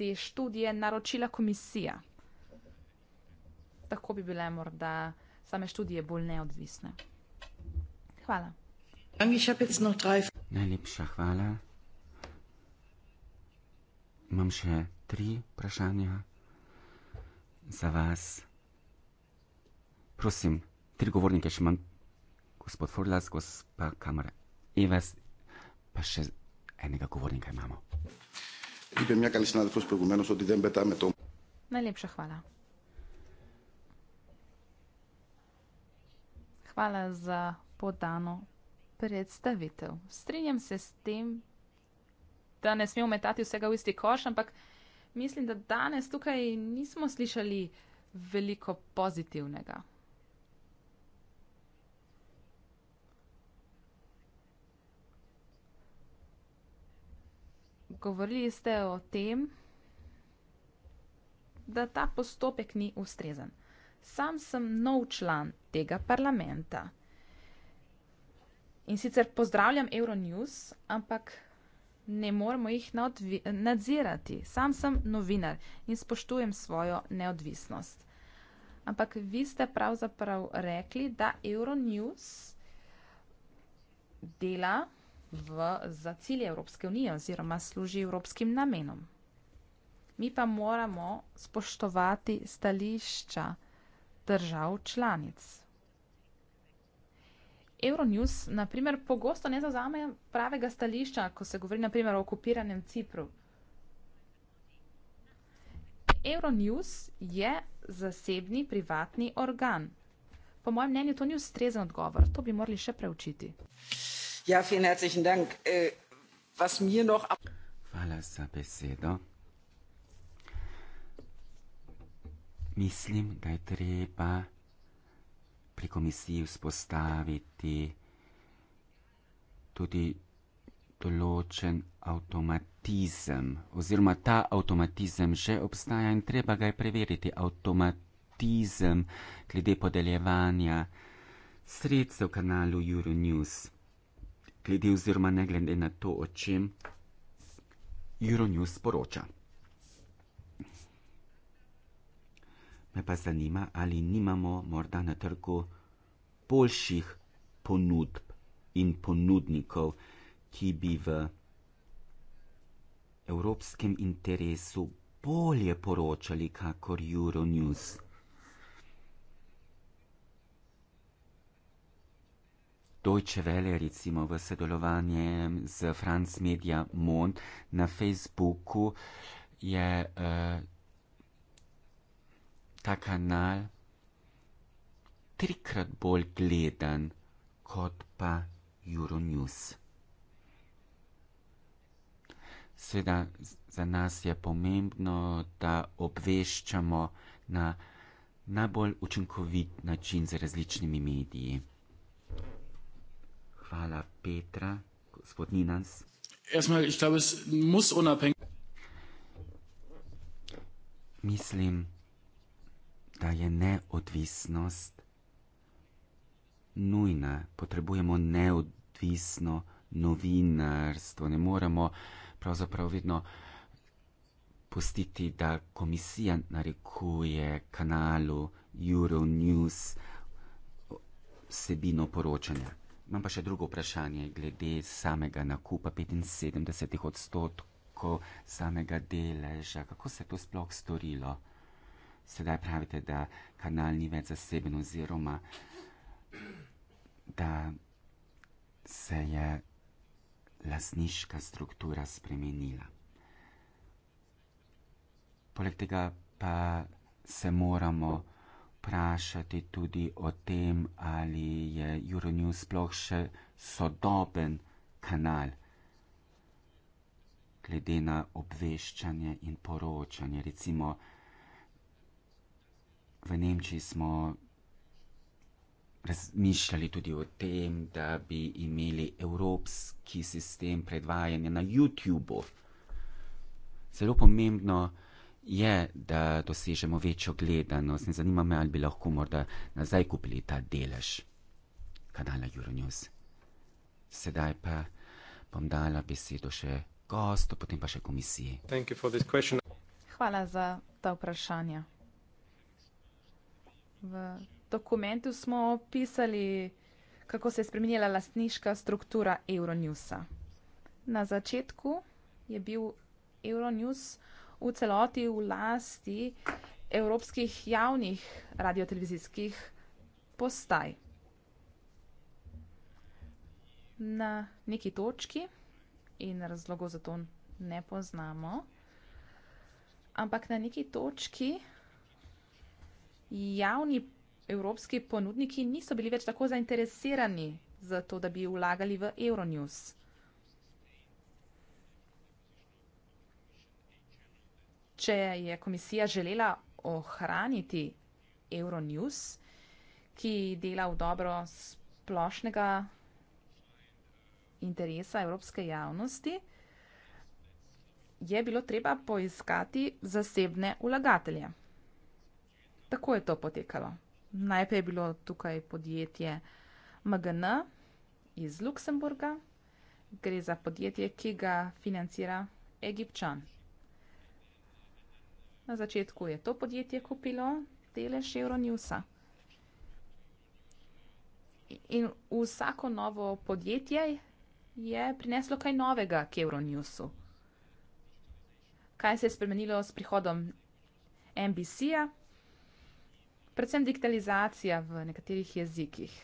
te študije naročila komisija. Tako bi bile morda same študije bolj neodvisne. Hvala. Najlepša hvala. Imam še tri vprašanja za vas. Prosim, tri govornike še imam, gospod Furlas, gospa Kamara Ives, pa še enega govornika imamo. Najlepša hvala. Hvala za podano predstavitev. Strinjam se s tem, da ne smemo metati vsega v isti koš, ampak mislim, da danes tukaj nismo slišali veliko pozitivnega. Govorili ste o tem, da ta postopek ni ustrezen. Sam sem nov član tega parlamenta. In sicer pozdravljam Euronews, ampak ne moremo jih nadzirati. Sam sem novinar in spoštujem svojo neodvisnost. Ampak vi ste pravzaprav rekli, da Euronews dela v, za cilje Evropske unije oziroma služi evropskim namenom. Mi pa moramo spoštovati stališča držav članic. Euronews, na primer, pogosto ne zazame pravega stališča, ko se govori naprimer, o okupiranem Cipru. Euronews je zasebni, privatni organ. Po mojem mnenju to ni ustrezen odgovor, to bi morali še preučiti. Ja, dank. Eh, was mir noch... Hvala za besedo. Mislim, da je treba pri komisiji vzpostaviti tudi določen avtomatizem, oziroma ta avtomatizem že obstaja in treba ga je preveriti. Avtomatizem glede podeljevanja sredstev kanalu Euronews, glede oziroma ne glede na to, o čem Euronews poroča. me pa zanima, ali nimamo morda na trgu boljših ponudb in ponudnikov, ki bi v evropskem interesu bolje poročali, kakor Euronews. Deutsche Welle, recimo, v sodelovanju z France Media Mond na Facebooku je uh, ta kanal trikrat bolj gledan kot pa Euronews. Sveda za nas je pomembno, da obveščamo na najbolj učinkovit način z različnimi mediji. Hvala, Petra, gospod Ninas. Mislim, da je neodvisnost nujna. Potrebujemo neodvisno novinarstvo. Ne moremo pravzaprav vedno pustiti, da komisija narekuje kanalu Euronews vsebino poročanja. Imam pa še drugo vprašanje glede samega nakupa 75 odstotkov samega deleža. Kako se je to sploh storilo? sedaj pravite, da kanal ni več zaseben oziroma da se je lasniška struktura spremenila. Poleg tega pa se moramo vprašati tudi o tem, ali je Euronews sploh še sodoben kanal, glede na obveščanje in poročanje. Recimo, v Nemčiji smo razmišljali tudi o tem, da bi imeli evropski sistem predvajanja na YouTubu. Zelo pomembno je, da dosežemo večjo gledanost in zanima me, ali bi lahko morda nazaj kupili ta delež kanala Euronews. Sedaj pa bom dala besedo še gostu, potem pa še komisiji. Hvala za ta vprašanja. V dokumentu smo opisali, kako se je spremenila lastniška struktura Euronewsa. Na začetku je bil Euronews v celoti v lasti evropskih javnih radiotelevizijskih postaj. Na neki točki in razlogov za to ne poznamo, ampak na neki točki javni evropski ponudniki niso bili več tako zainteresirani za to, da bi vlagali v Euronews. Če je komisija želela ohraniti Euronews, ki dela v dobro splošnega interesa evropske javnosti, je bilo treba poiskati zasebne vlagatelje tako je to potekalo. Najprej je bilo tukaj podjetje MGN iz Luksemburga, gre za podjetje, ki ga financira Egipčan. Na začetku je to podjetje kupilo delež Euronewsa. In vsako novo podjetje je prineslo kaj novega k Euronewsu. Kaj se je spremenilo s prihodom NBC-ja? predvsem digitalizacija v nekaterih jezikih.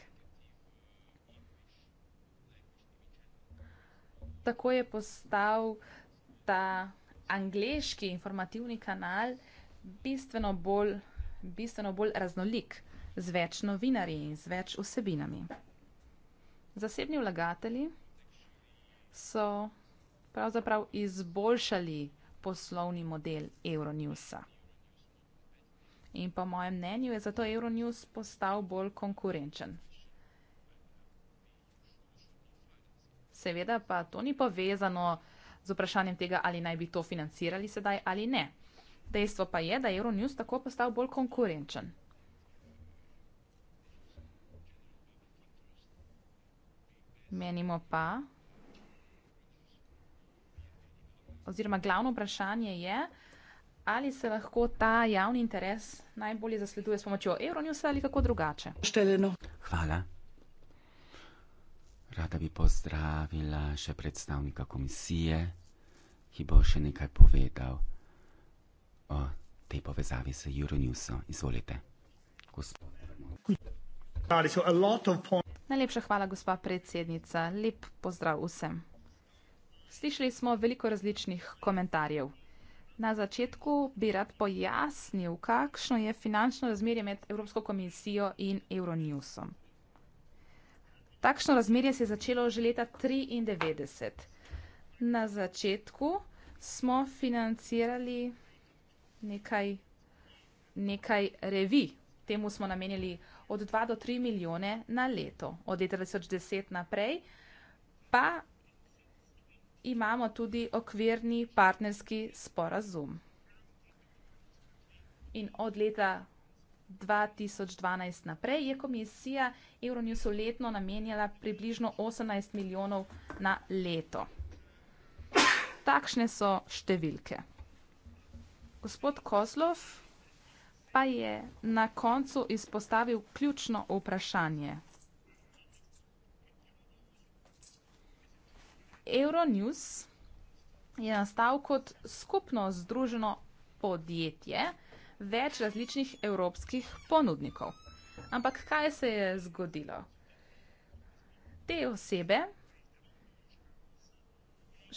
Tako je postal ta angliški informativni kanal bistveno bolj, bistveno bolj raznolik, z več novinarji in z več vsebinami. Zasebni vlagatelji so pravzaprav izboljšali poslovni model Euronewsa in po mojem mnenju je zato Euronews postal bolj konkurenčen. Seveda pa to ni povezano z vprašanjem tega, ali naj bi to financirali sedaj ali ne. Dejstvo pa je, da je Euronews tako postal bolj konkurenčen. Menimo pa, oziroma glavno vprašanje je, ali se lahko ta javni interes najbolje zasleduje s pomočjo Euronews ali kako drugače? Šteljeno. Hvala. Rada bi pozdravila še predstavnika komisije, ki bo še nekaj povedal o tej povezavi z Euronewsom. Izvolite, gospod. Najlepša hvala, gospa predsednica. Lep pozdrav vsem. Slišali smo veliko različnih komentarjev. Na začetku bi rad pojasnil, kakšno je finančno razmerje med Evropsko komisijo in Euronewsom. Takšno razmerje se je začelo že leta triindevetdeset. Na začetku smo financirali nekaj, nekaj revij. Temu smo namenili od dva do tri milijone na leto, od leta tisoč deset naprej pa imamo tudi okvirni partnerski sporazum. In od leta 2012 naprej je komisija Euronewsu letno namenjala približno 18 milijonov na leto. Takšne so številke. Gospod Kozlov pa je na koncu izpostavil ključno vprašanje. Euronews je nastal kot skupno združeno podjetje več različnih evropskih ponudnikov. Ampak kaj se je zgodilo? Te osebe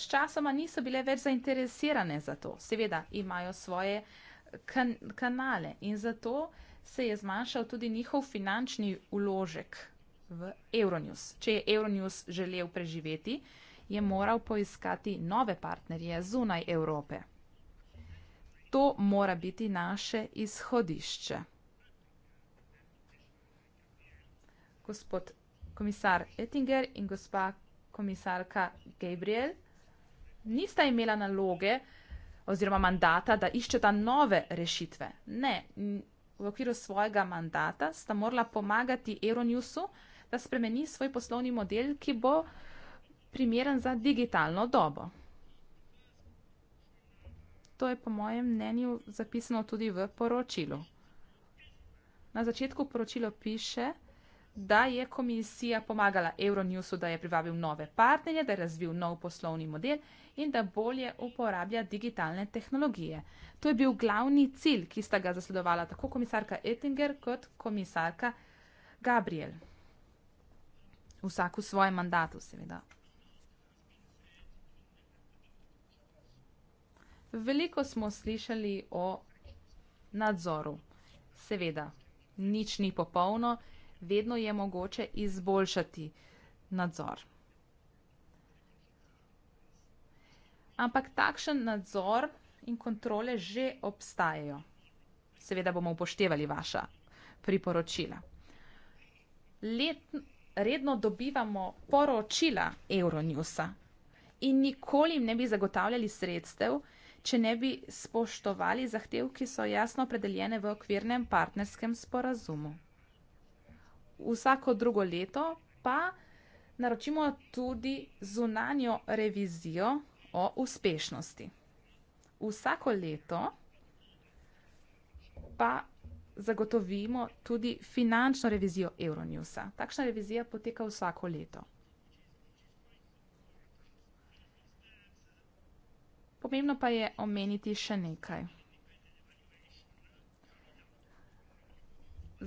sčasoma niso bile več zainteresirane za to. Seveda imajo svoje kan kanale in zato se je zmanjšal tudi njihov finančni uložek v Euronews. Če je Euronews želel preživeti, je moral poiskati nove partnerje zunaj Evrope. To mora biti naše izhodišče. Gospod komisar Oettinger in gospa komisarka Gabriel nista imela naloge oziroma mandata, da iščeta nove rešitve. Ne, v okviru svojega mandata sta morala pomagati Euronewsu, da spremeni svoj poslovni model, ki bo primeren za digitalno dobo. To je po mojem mnenju zapisano tudi v poročilu. Na začetku poročilo piše, da je komisija pomagala Euronewsu, da je privabil nove partnerje, da je razvil nov poslovni model in da bolje uporablja digitalne tehnologije. To je bil glavni cilj, ki sta ga zasledovala tako komisarka Ettinger kot komisarka Gabriel. Vsak v svojem mandatu, seveda. Veliko smo slišali o nadzoru. Seveda, nič ni popolno, vedno je mogoče izboljšati nadzor. Ampak takšen nadzor in kontrole že obstajajo. Seveda bomo upoštevali vaša priporočila. Let, redno dobivamo poročila Euronews-a in nikoli ne bi zagotavljali sredstev, če ne bi spoštovali zahtev, ki so jasno opredeljene v okvirnem partnerskem sporazumu. Vsako drugo leto pa naročimo tudi zunanjo revizijo o uspešnosti. Vsako leto pa zagotovimo tudi finančno revizijo Euronews. Takšna revizija poteka vsako leto. Pomembno pa je omeniti še nekaj.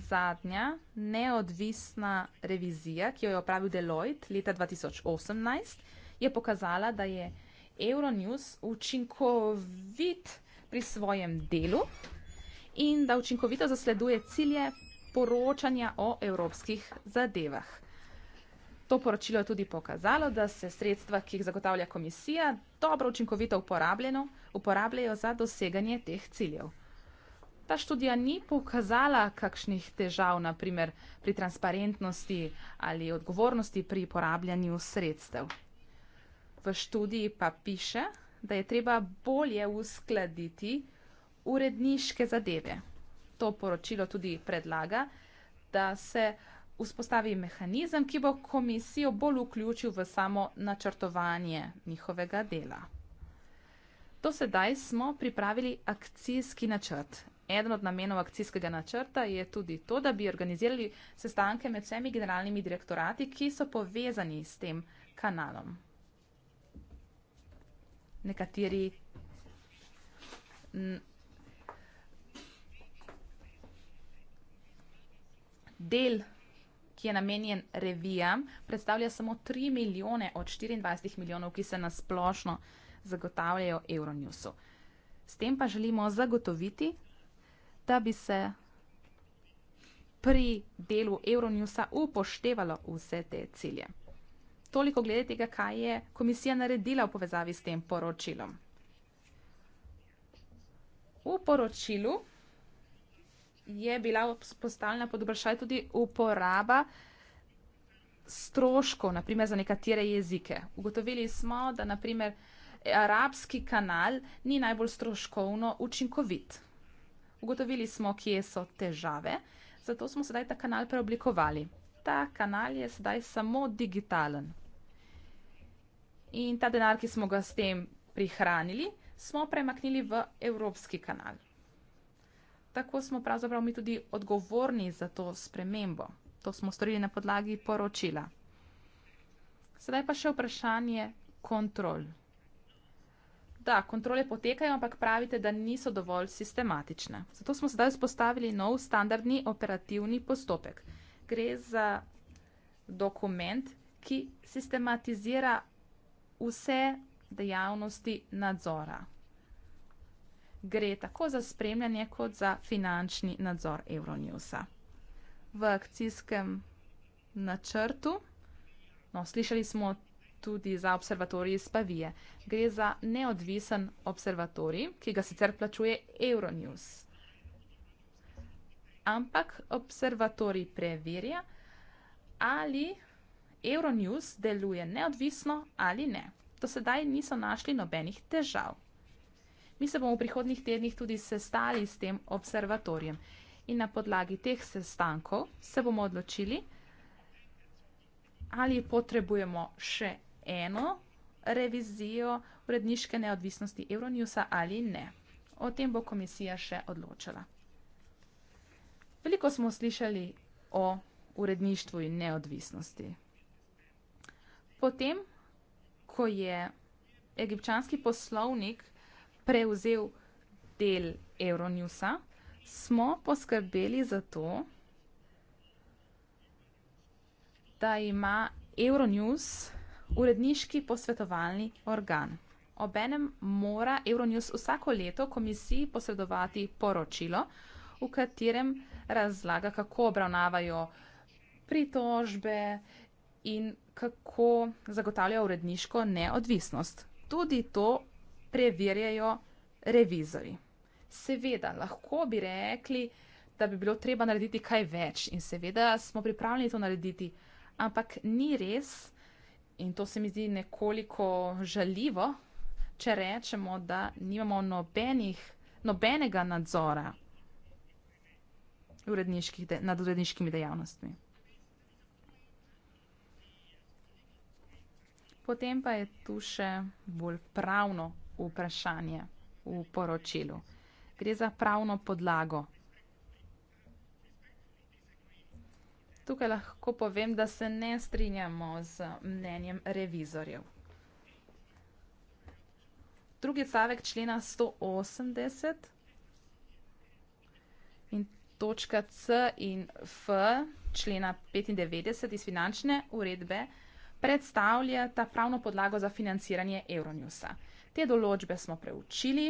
Zadnja neodvisna revizija, ki jo je opravil Deloitte leta 2018, je pokazala, da je Euronews učinkovit pri svojem delu in da učinkovito zasleduje cilje poročanja o evropskih zadevah. To poročilo je tudi pokazalo, da se sredstva, ki jih zagotavlja komisija, dobro učinkovito uporabljeno, uporabljajo za doseganje teh ciljev. Ta študija ni pokazala kakšnih težav, naprimer pri transparentnosti ali odgovornosti pri uporabljanju sredstev. V študiji pa piše, da je treba bolje uskladiti uredniške zadeve. To poročilo tudi predlaga, da se vzpostavi mehanizem, ki bo komisijo bolj vključil v samo načrtovanje njihovega dela. Do sedaj smo pripravili akcijski načrt. Eden od namenov akcijskega načrta je tudi to, da bi organizirali sestanke med vsemi generalnimi direktorati, ki so povezani s tem kanalom. Nekateri del ki je namenjen revijam, predstavlja samo 3 milijone od 24 milijonov, ki se nasplošno zagotavljajo Euronewsu. S tem pa želimo zagotoviti, da bi se pri delu Euronewsa upoštevalo vse te cilje. Toliko glede tega, kaj je komisija naredila v povezavi s tem poročilom. V poročilu je bila postavljena pod vprašaj tudi uporaba stroškov, naprimer za nekatere jezike. Ugotovili smo, da naprimer arabski kanal ni najbolj stroškovno učinkovit. Ugotovili smo, kje so težave, zato smo sedaj ta kanal preoblikovali. Ta kanal je sedaj samo digitalen. In ta denar, ki smo ga s tem prihranili, smo premaknili v evropski kanal tako smo pravzaprav mi tudi odgovorni za to spremembo. To smo storili na podlagi poročila. Sedaj pa še vprašanje kontrol. Da, kontrole potekajo, ampak pravite, da niso dovolj sistematične. Zato smo sedaj vzpostavili nov standardni operativni postopek. Gre za dokument, ki sistematizira vse dejavnosti nadzora gre tako za spremljanje kot za finančni nadzor Euronewsa. V akcijskem načrtu, no, slišali smo tudi za observatorij iz Pavije, gre za neodvisen observatorij, ki ga sicer plačuje Euronews. Ampak observatorij preverja, ali Euronews deluje neodvisno ali ne. Do sedaj niso našli nobenih težav. Mi se bomo v prihodnih tednih tudi sestali s tem observatorijem in na podlagi teh sestankov se bomo odločili, ali potrebujemo še eno revizijo uredniške neodvisnosti Euronewsa ali ne. O tem bo komisija še odločala. Veliko smo slišali o uredništvu in neodvisnosti. Potem, ko je egipčanski poslovnik prevzel del Euronewsa, smo poskrbeli za to, da ima Euronews uredniški posvetovalni organ. Obenem mora Euronews vsako leto komisiji posredovati poročilo, v katerem razlaga, kako obravnavajo pritožbe in kako zagotavljajo uredniško neodvisnost. Tudi to preverjajo revizori. Seveda, lahko bi rekli, da bi bilo treba narediti kaj več in seveda smo pripravljeni to narediti, ampak ni res in to se mi zdi nekoliko žaljivo, če rečemo, da nimamo nobenih, nobenega nadzora nad uredniškimi dejavnostmi. Potem pa je tu še bolj pravno vprašanje v poročilu. Gre za pravno podlago. Tukaj lahko povem, da se ne strinjamo z mnenjem revizorjev. Drugi stavek člena 180 in točka C in F člena 95 iz finančne uredbe predstavlja ta pravno podlago za financiranje Euronewsa. Te določbe smo preučili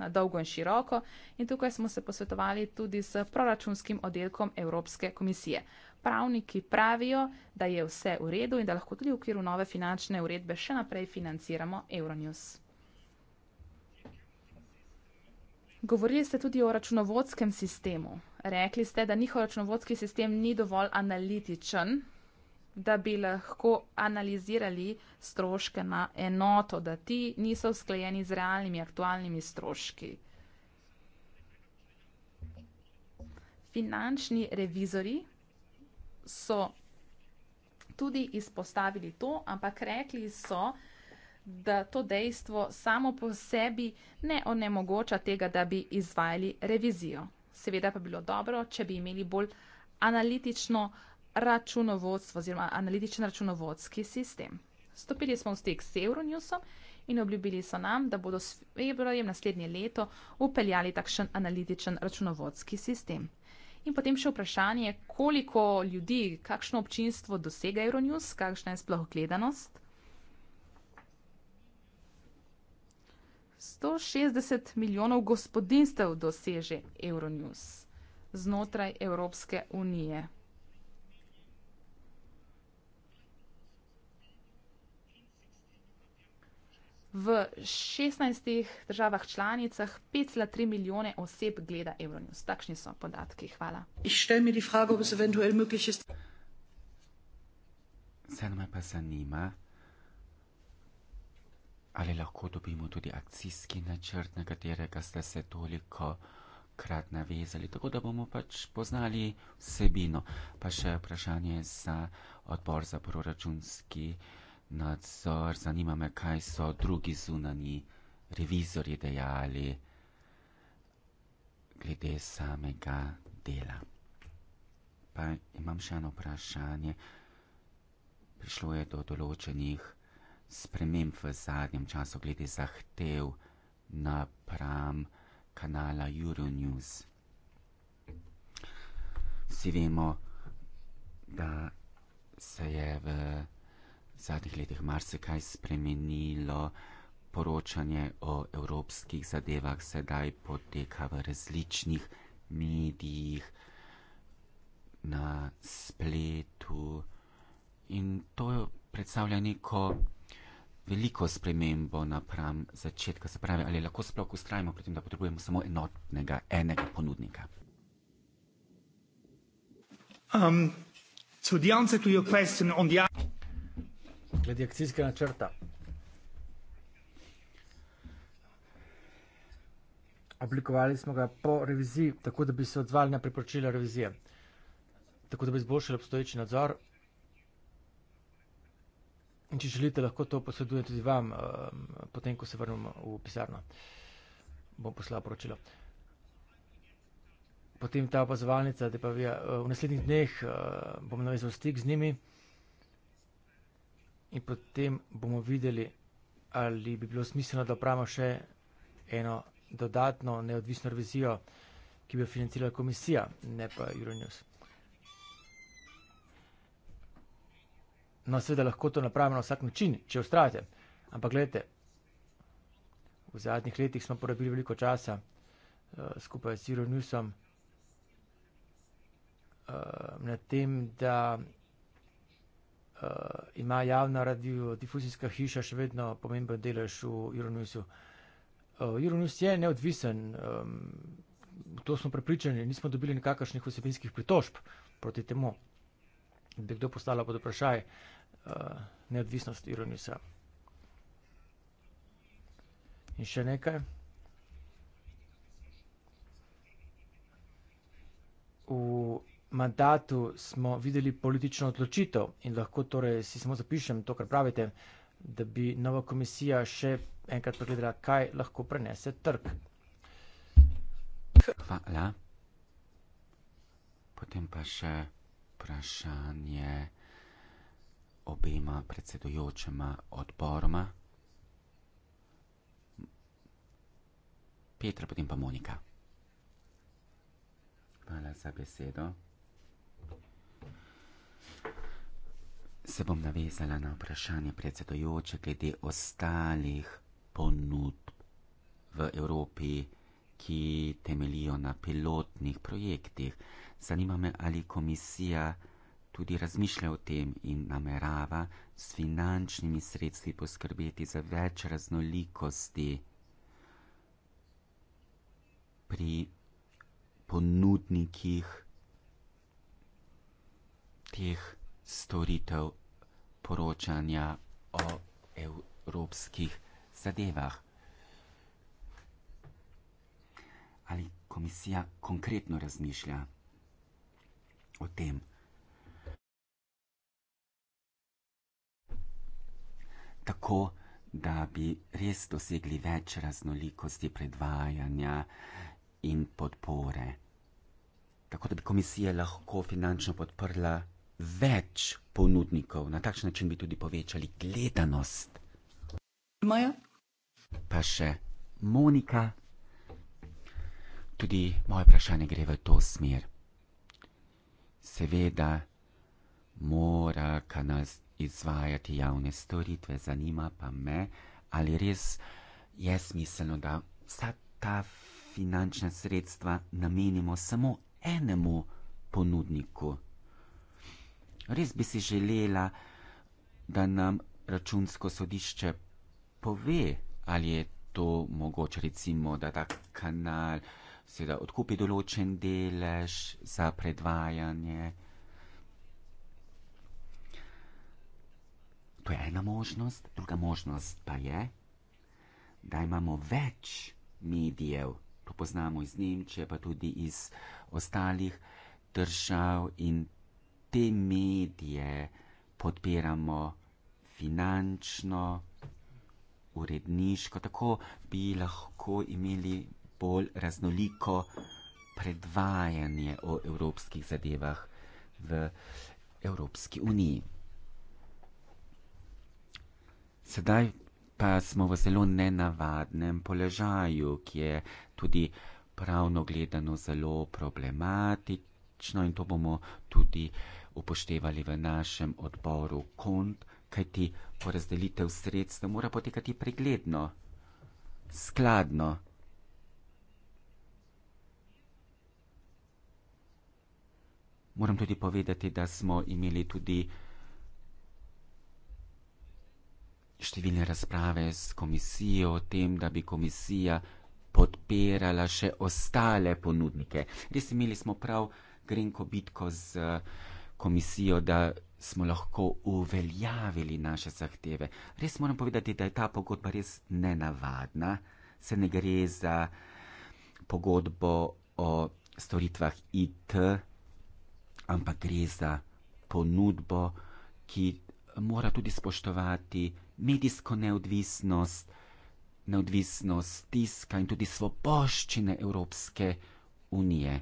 na dolgo in široko in tukaj smo se posvetovali tudi s proračunskim oddelkom Evropske komisije. Pravniki pravijo, da je vse v redu in da lahko tudi v okviru nove finančne uredbe še naprej financiramo Euronews. Govorili ste tudi o računovodskem sistemu. Rekli ste, da njihov računovodski sistem ni dovolj analitičen, da bi lahko analizirali stroške na enoto, da ti niso usklajeni z realnimi aktualnimi stroški. Finančni revizori so tudi izpostavili to, ampak rekli so, da to dejstvo samo po sebi ne onemogoča tega, da bi izvajali revizijo. Seveda pa bi bilo dobro, če bi imeli bolj analitično uh, računovodstvo oziroma analitičen računovodski sistem. Stopili smo v stik s Euronewsom in obljubili so nam, da bodo s februarjem naslednje leto upeljali takšen analitičen računovodski sistem. In potem še vprašanje, koliko ljudi, kakšno občinstvo dosega Euronews, kakšna je sploh gledanost. 160 milijonov gospodinstev doseže Euronews znotraj Evropske unije. v 16 državah članicah 5,3 milijone oseb gleda Euronews. Takšni so podatki. Hvala. Vseeno me pa zanima, ali lahko dobimo tudi akcijski načrt, na katerega ste se toliko krat navezali, tako da bomo pač poznali vsebino. Pa še vprašanje za odbor za proračunski nadzor, zanima me, kaj so drugi zunani revizori dejali glede samega dela. Pa imam še eno vprašanje. Prišlo je do določenih sprememb v zadnjem času glede zahtev napram kanala Euronews. Vsi vemo, da se je v v zadnjih letih marsikaj spremenilo. Poročanje o evropskih zadevah sedaj poteka v različnih medijih, na spletu in to predstavlja neko veliko spremembo napram začetka. Se pravi, ali lahko sploh ustrajamo pri tem, da potrebujemo samo enotnega, enega ponudnika? Um, so dejansko tudi vprašanje glede akcijskega načrta. Oblikovali smo ga po reviziji, tako da bi se odzvali na priporočila revizije, tako da bi izboljšali obstoječi nadzor. In če želite, lahko to posredujem tudi vam, ehm, potem ko se vrnem v pisarno, bom poslal poročilo. Potem ta opazovalnica, da pa vi v naslednjih dneh ehm, bom navezal stik z njimi in potem bomo videli, ali bi bilo smiselno, da opravimo še eno dodatno neodvisno revizijo, ki bi jo financirala komisija, ne pa Euronews. No, seveda lahko to napravimo na vsak način, če ustrajate. Ampak gledajte, v zadnjih letih smo porabili veliko časa uh, skupaj z Euronewsom uh, na tem, da uh, ima javna radio, difuzijska hiša še vedno pomemben delež v Ironusu. Uh, eh, Ironus je neodvisen, um, to smo prepričani, nismo dobili nikakršnih vsebinskih pritožb proti temu, da je kdo postala pod vprašaj uh, neodvisnost Ironusa. In še nekaj. V mandatu smo videli politično odločitev in lahko torej si samo zapišem to, kar pravite, da bi nova komisija še enkrat pogledala, kaj lahko prenese trg. Hvala. Potem pa še vprašanje obema predsedujočima odboroma. Petra, potem pa Monika. Hvala za besedo. Se bom navezala na vprašanje predsedojoče glede ostalih ponudb v Evropi, ki temelijo na pilotnih projektih. Zanima me, ali komisija tudi razmišlja o tem in namerava s finančnimi sredstvi poskrbeti za več raznolikosti pri ponudnikih teh storitev poročanja o evropskih zadevah. Ali komisija konkretno razmišlja o tem? Tako, da bi res dosegli več raznolikosti predvajanja in podpore. Tako da bi komisija lahko finančno podprla več ponudnikov, na takšen način bi tudi povečali gledanost. Maja. Pa še Monika. Tudi moje vprašanje gre v to smer. Seveda mora kanal izvajati javne storitve, zanima pa me, ali res je smiselno, da vsa ta finančna sredstva namenimo samo enemu ponudniku. Res bi si želela, da nam računsko sodišče pove, ali je to mogoče, recimo, da ta kanal seveda odkupi določen delež za predvajanje. To je ena možnost, druga možnost pa je, da imamo več medijev, to poznamo iz Nemčije, pa tudi iz ostalih držav in te medije podpiramo finančno, uredniško, tako bi lahko imeli bolj raznoliko predvajanje o evropskih zadevah v Evropski uniji. Sedaj pa smo v zelo nenavadnem položaju, ki je tudi pravno gledano zelo problematično in to bomo tudi uh, upoštevali v našem odboru kont, kajti porazdelitev sredstev mora potekati pregledno, skladno. Moram tudi povedati, da smo imeli tudi številne razprave s komisijo o tem, da bi komisija podpirala še ostale ponudnike. Res imeli smo prav grenko bitko z uh, komisijo, da smo lahko uveljavili naše zahteve. Res moram povedati, da je ta pogodba res nenavadna, se ne gre za pogodbo o storitvah IT, ampak gre za ponudbo, ki mora tudi spoštovati medijsko neodvisnost, neodvisnost tiska in tudi svoboščine Evropske unije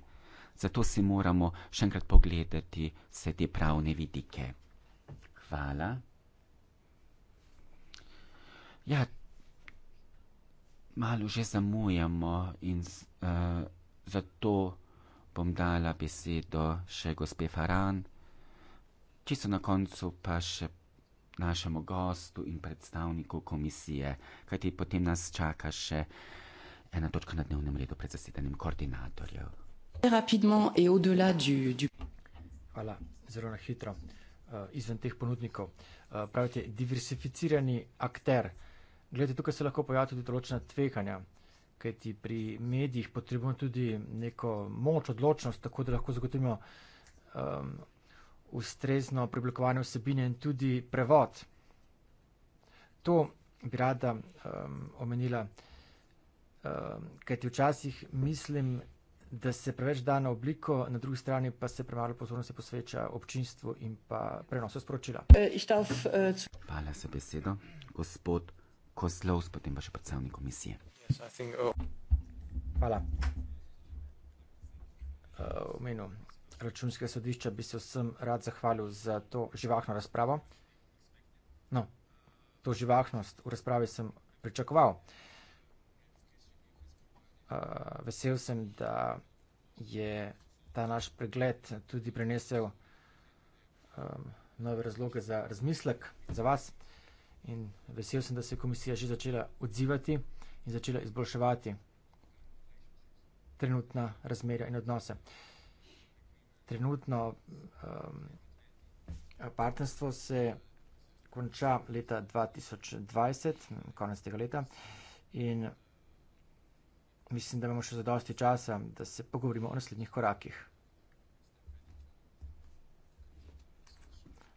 zato si moramo še enkrat pogledati vse te pravne vidike. Hvala. Ja, malo že zamujamo in z, uh, zato bom dala besedo še gospe Faran, čisto na koncu pa še našemu gostu in predstavniku komisije, kajti potem nas čaka še ena točka na dnevnem redu pred zasedanjem koordinatorjev très rapidement et au-delà du, du. Voilà, zelo na hitro, uh, izven teh ponudnikov. Uh, pravite, diversificirani akter. Glede, tukaj se lahko pojavijo tudi določena tvehanja, kajti pri medijih potrebujemo tudi neko moč, odločnost, tako da lahko zagotovimo um, ustrezno preblokovanje vsebine in tudi prevod. To bi rada um, omenila, um, kajti včasih mislim, da se preveč da na obliko, na drugi strani pa se premalo pozornosti posveča občinstvu in pa prenosu sporočila. E, e, Hvala za besedo, gospod Koslovs, potem pa še predstavnik komisije. Oh. Hvala. E, v imenu računskega sodišča bi se vsem rad zahvalil za to živahno razpravo. No, to živahnost v razpravi sem pričakoval vesel sem, da je ta naš pregled tudi prinesel um, nove razloge za razmislek za vas. In vesel sem, da se je komisija že začela odzivati in začela izboljševati trenutna razmerja in odnose. Trenutno um, partnerstvo se konča leta 2020, konec tega leta, in mislim, da imamo še zadosti časa, da se pogovorimo o naslednjih korakih.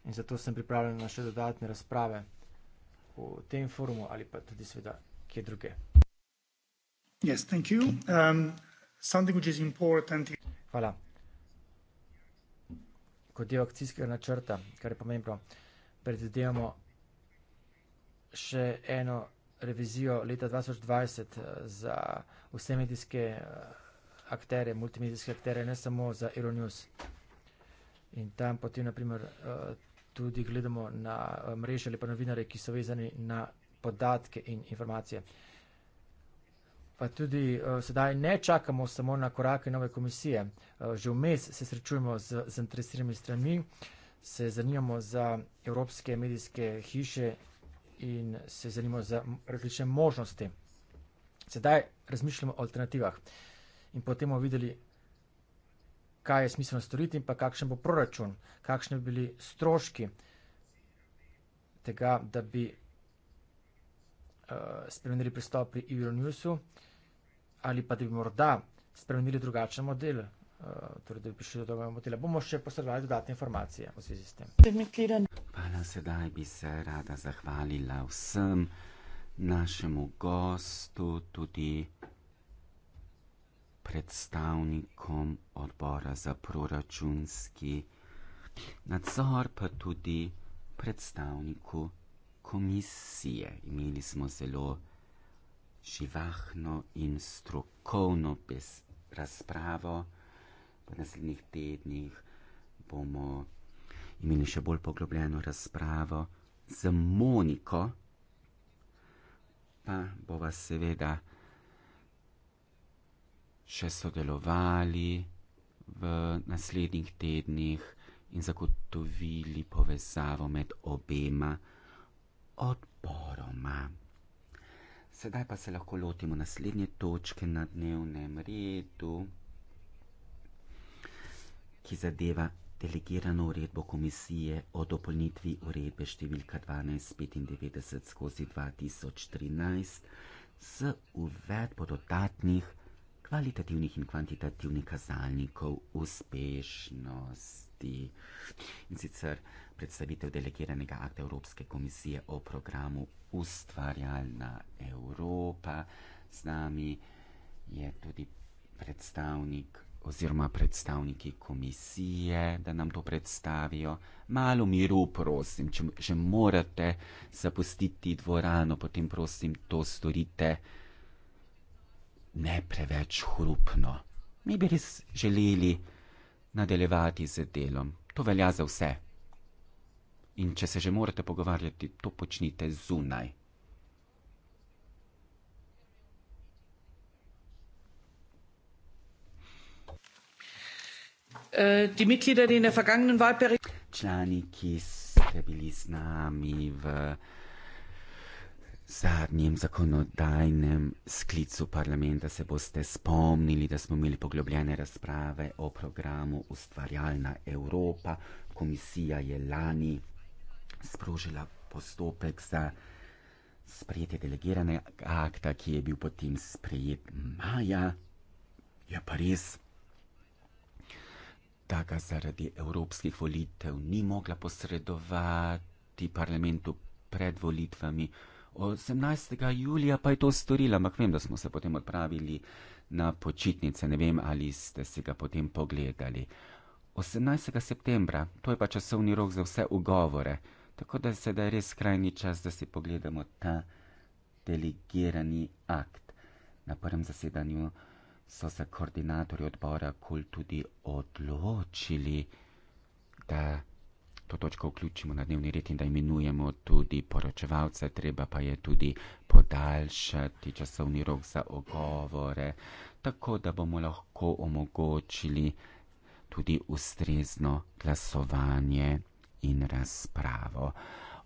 In zato sem pripravljen na še dodatne razprave v tem forumu ali pa tudi sveda kje druge. Yes, thank you. Um, something which is important. Hvala. Kot del akcijskega načrta, kar je pomembno, predvidevamo še eno revizijo leta 2020 eh, za vse medijske eh, akterje, multimedijske akterje, ne samo za Euronews. In tam potem, naprimer, eh, tudi gledamo na mreže ali pa novinare, ki so vezani na podatke in informacije. Pa tudi uh, sedaj ne čakamo samo na korake nove komisije. Uh, že vmes se srečujemo z zainteresiranimi stranmi, se zanimamo za evropske medijske hiše in se zanimamo za različne možnosti. Sedaj razmišljamo o alternativah in potem bomo videli, kaj je smiselno storiti in pa kakšen bo proračun, kakšne bi bili stroški tega, da bi uh, spremenili pristop pri Euronewsu ali pa da bi morda spremenili drugačen model Eh, torej da bi prišli do tega motila. Bomo še posredovali dodatne informacije v zvezi s tem. Hvala, sedaj bi se rada zahvalila vsem našemu gostu, tudi predstavnikom odbora za proračunski nadzor, pa tudi predstavniku komisije. Imeli smo zelo živahno in strokovno bez razpravo v naslednjih tednih bomo imeli še bolj poglobljeno razpravo z Moniko, pa bova seveda še sodelovali v naslednjih tednih in zagotovili povezavo med obema odporoma. Sedaj pa se lahko lotimo naslednje točke na dnevnem redu ki zadeva delegirano uredbo komisije o dopolnitvi uredbe številka 1295 skozi 2013 z uvedbo dodatnih kvalitativnih in kvantitativnih kazalnikov uspešnosti. In sicer predstavitev delegiranega akta Evropske komisije o programu Ustvarjalna Evropa. Z nami je tudi predstavnik oziroma predstavniki komisije, da nam to predstavijo. Malo miru, prosim, če že morate zapustiti dvorano, potem prosim to storite ne preveč hrupno. Mi bi res želeli nadaljevati z delom. To velja za vse. In če se že morate pogovarjati, to počnite zunaj. Äh, die Mitglieder, die in der vergangenen Wahlperiode. Člani, ki ste bili z nami v zadnjem zakonodajnem sklicu parlamenta, se boste spomnili, da smo imeli poglobljene razprave o programu Ustvarjalna Evropa. Komisija je lani sprožila postopek za sprejetje delegiranega akta, ki je bil potem sprejet maja. Je pa res da ga zaradi evropskih volitev ni mogla posredovati parlamentu pred volitvami. 18. julija pa je to storila, ampak vem, da smo se potem odpravili na počitnice, ne vem, ali ste si ga potem pogledali. 18. septembra, to je pa časovni rok za vse ugovore, tako da se da je res skrajni čas, da si pogledamo ta delegirani akt na prvem zasedanju so se koordinatorji odbora KUL tudi odločili, da to točko vključimo na dnevni red in da imenujemo tudi poročevalce. Treba pa je tudi podaljšati časovni rok za ogovore, tako da bomo lahko omogočili tudi ustrezno glasovanje in razpravo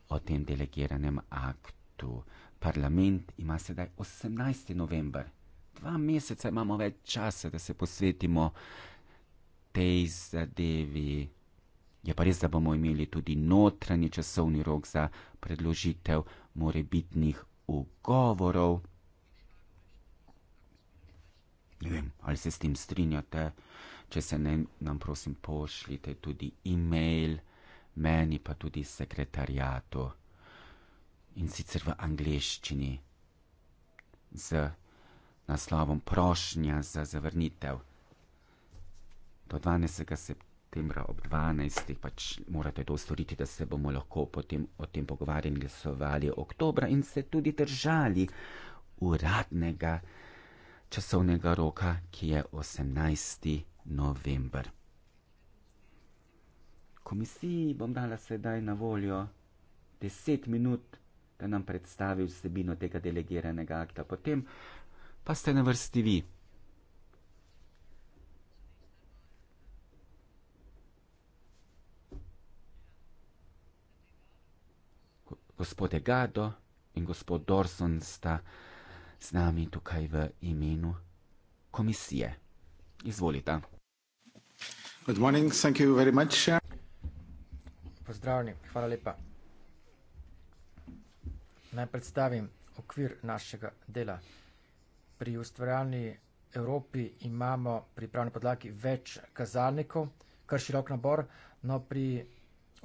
o tem delegiranem aktu. Parlament ima sedaj 18. november dva meseca imamo več časa, da se posvetimo tej zadevi. Je pa res, da bomo imeli tudi notranji časovni rok za predložitev morebitnih ugovorov. Ne vem, ali se s tem strinjate. Če se ne, nam prosim pošljite tudi e-mail, meni pa tudi sekretarijatu in sicer v angleščini z naslovom Prošnja za zavrnitev. Do 12. septembra ob 12. pač morate to storiti, da se bomo lahko potem o tem pogovarjali in glasovali oktobra in se tudi držali uradnega časovnega roka, ki je 18. november. Komisiji bom dala sedaj na voljo 10 minut, da nam predstavi vsebino tega delegiranega akta. Potem pa ste na vrsti vi. Gospod Egado in gospod Dorson sta z nami tukaj v imenu komisije. Izvolite. Pozdravljeni, hvala lepa. Naj predstavim okvir našega dela pri ustvarjalni Evropi imamo pri pravni podlagi več kazalnikov, kar širok nabor, no pri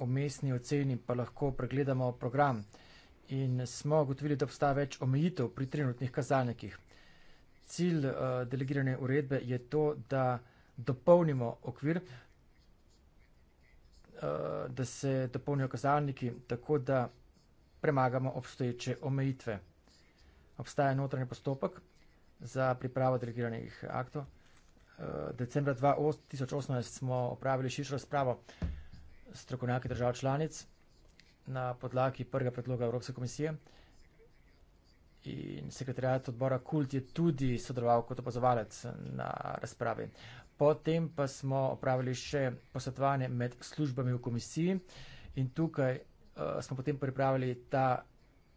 omestni oceni pa lahko pregledamo program in smo ugotovili, da obstaja več omejitev pri trenutnih kazalnikih. Cilj uh, delegirane uredbe je to, da dopolnimo okvir, uh, da se dopolnijo kazalniki tako, da premagamo obstoječe omejitve. Obstaja notranji postopek, za pripravo delegiranih aktov. Eh, decembra 2018 smo opravili širšo razpravo strokovnjaki držav članic na podlagi prvega predloga Evropske komisije in sekretarjat odbora Kult je tudi sodeloval kot opazovalec na razpravi. Potem pa smo opravili še posvetovanje med službami v komisiji in tukaj uh, smo potem pripravili ta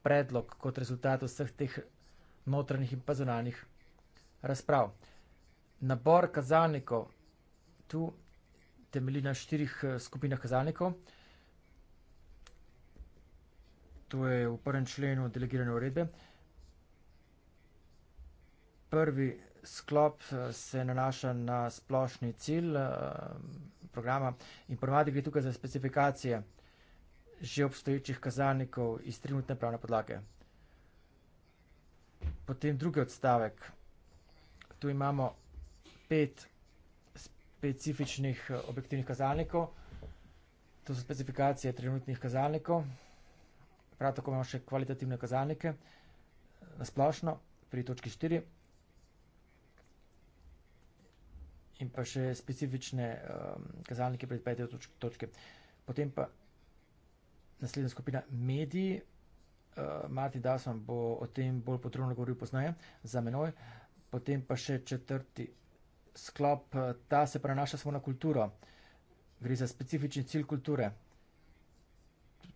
predlog kot rezultat vseh teh notranjih in pa zunanjih razprav. Nabor kazalnikov tu temelji na štirih eh, skupinah kazalnikov. To je v prvem členu delegirane uredbe. Prvi sklop eh, se nanaša na splošni cilj eh, programa in ponovadi gre tukaj za specifikacije že obstoječih kazalnikov iz trenutne pravne podlage. Potem drugi odstavek tu imamo pet specifičnih eh, objektivnih kazalnikov. To so specifikacije trenutnih kazalnikov. Prav tako imamo še kvalitativne kazalnike. Nasplošno pri točki 4. In pa še specifične um, kazalnike pred peto točk, točke. Potem pa naslednja skupina mediji. Uh, eh, Marti Dawson bo o tem bolj podrobno govoril poznaje za menoj. Uh, Potem pa še četrti sklop, eh, ta se prenaša samo na kulturo. Gre za specifični cilj kulture.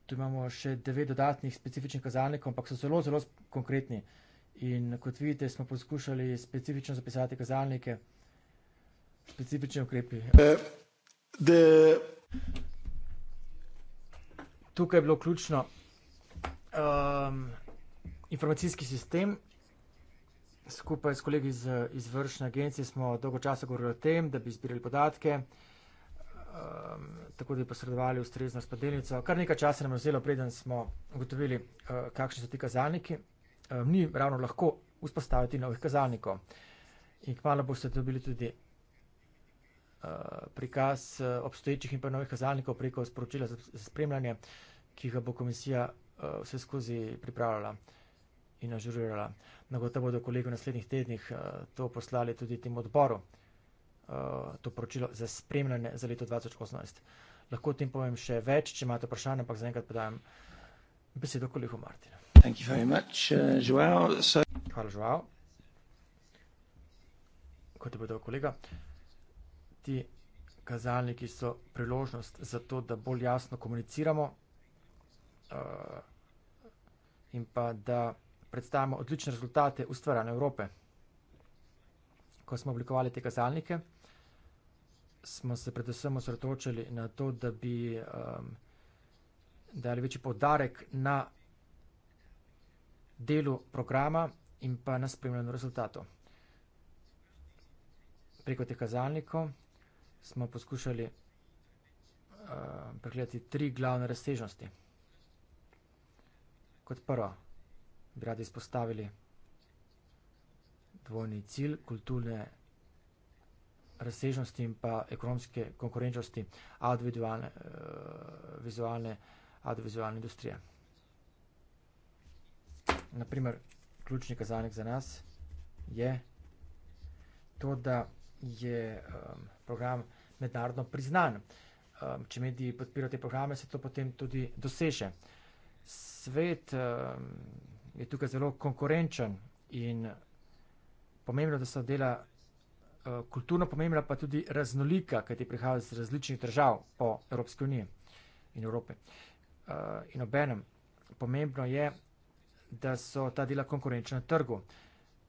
Tu imamo še devet dodatnih specifičnih kazalnikov, ampak so zelo, zelo konkretni. In kot vidite, smo poskušali specifično zapisati kazalnike, specifične ukrepe. Eh, The... Tukaj je bilo ključno um, informacijski sistem skupaj s kolegi iz izvršne agencije smo dolgo časa govorili o tem, da bi zbirali podatke, um, tako da bi posredovali ustrezno spadelnico. Kar nekaj časa nam je vzelo, preden smo ugotovili, uh, kakšni so ti kazalniki. Um, ni ravno lahko vzpostaviti novih kazalnikov. In kmalo boste dobili tudi uh, prikaz uh, obstoječih in pa novih kazalnikov preko sporočila za, za spremljanje, ki ga bo komisija uh, vse skozi pripravljala. Uh, in ažurirala. Nagotovo bodo kolegi v naslednjih tednih eh, to poslali tudi tem odboru, eh, to poročilo za spremljanje za leto 2018. Lahko o tem povem še več, če imate vprašanje, ampak zaenkrat podajam besedo kolegu Martinu. Eh, Hvala, Žuao. Kot je povedal kolega, ti kazalniki so priložnost za to, da bolj jasno komuniciramo uh, in pa da predstavimo odlične rezultate ustvarjanja Evrope. Ko smo oblikovali te kazalnike, smo se predvsem osredotočili na to, da bi um, dali večji povdarek na delu programa in pa na spremljanju rezultatov. Preko teh kazalnikov smo poskušali uh, pregledati tri glavne razsežnosti. Kot prvo, bi radi izpostavili dvojni cilj kulturne razsežnosti in pa ekonomske konkurenčnosti audiovizualne, uh, eh, vizualne, audiovizualne industrije. Naprimer, ključni kazalnik za nas je to, da je um, program mednarodno priznan. Um, če mediji podpirajo te programe, se to potem tudi doseže. Svet um, je tukaj zelo konkurenčen in pomembno, da so dela eh, kulturno pomembna, pa tudi raznolika, kaj ti prihaja iz različnih držav po Evropske unije in Evrope. Eh, in obenem pomembno je, da so ta dela konkurenčna trgu.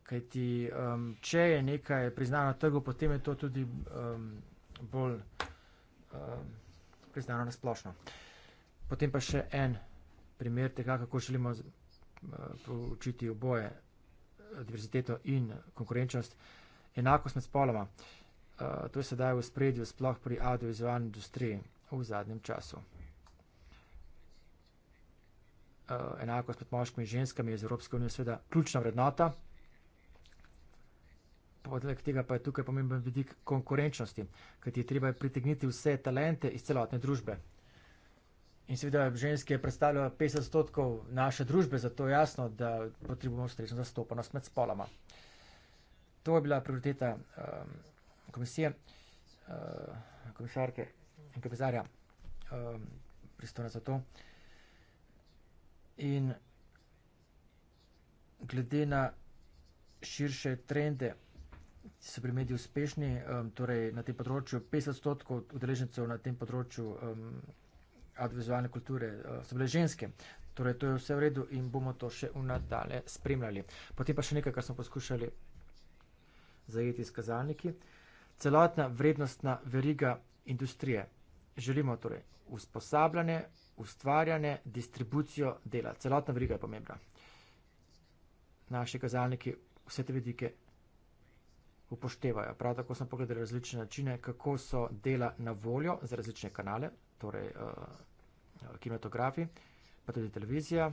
Kaj ti, če je nekaj priznano trgu, potem je to tudi bolj priznano nasplošno. Potem pa še en primer tega, kako želimo Eh, poučiti oboje, eh, diverziteto in konkurenčnost, enakost med spoloma. Eh, to je sedaj v spredju, sploh pri audiovizualni industriji v zadnjem času. Enakost med moškimi in ženskami je z Evropske unije seveda ključna vrednota. Podleg tega pa je tukaj pomemben vidik konkurenčnosti, kajti treba je pritegniti vse talente iz celotne družbe. In seveda ženske predstavljajo 50 odstotkov naše družbe, zato je jasno, da potrebujemo ustrezno zastopanost med spoloma. To je bila prioriteta um, komisije, uh, komisarke in komisarja, um, pristojna za to. In glede na širše trende, so bili mediji uspešni, um, torej na tem področju 50 odstotkov udeležencev na tem področju. Um, audiovizualne kulture, eh, so bile ženske. Torej, to je vse v redu in bomo to še v nadalje spremljali. Potem pa še nekaj, kar smo poskušali zajeti s kazalniki. Celotna vrednostna veriga industrije. Želimo torej usposabljanje, ustvarjanje, distribucijo dela. Celotna veriga je pomembna. Naši kazalniki vse te vidike upoštevajo. Prav tako smo pogledali različne načine, kako so dela na voljo za različne kanale, torej uh, kinematografi, pa tudi televizija,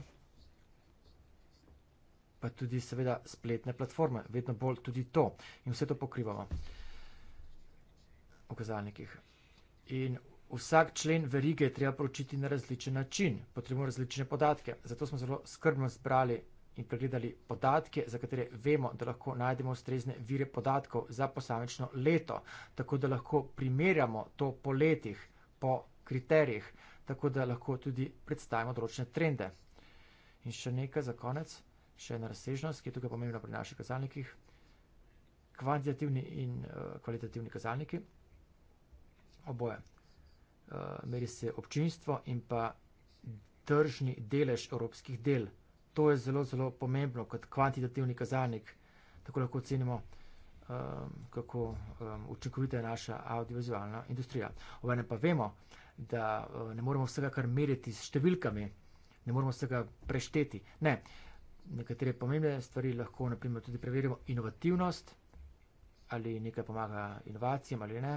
pa tudi seveda spletne platforme, vedno bolj tudi to in vse to pokrivamo v kazalnikih. In vsak člen verige je treba poročiti na različen način, potrebujemo različne podatke, zato smo zelo skrbno zbrali in pregledali podatke, za katere vemo, da lahko najdemo ustrezne vire podatkov za posamečno leto, tako da lahko primerjamo to po letih, po kriterijih, tako da lahko tudi predstavimo določene trende. In še nekaj za konec, še ena razsežnost, ki je tukaj pomembna pri naših kazalnikih, kvantitativni in uh, kvalitativni kazalniki, oboje. Uh, meri se občinstvo in pa držni delež evropskih del. To je zelo, zelo pomembno kot kvantitativni kazalnik, tako lahko ocenimo, um, kako um, učinkovita je naša audiovizualna industrija. Ovene pa vemo, da eh, ne moremo vsega kar meriti s številkami, ne moremo vsega prešteti. Ne, nekatere pomembne stvari lahko naprimer, tudi preverimo inovativnost, ali nekaj pomaga inovacijam ali ne.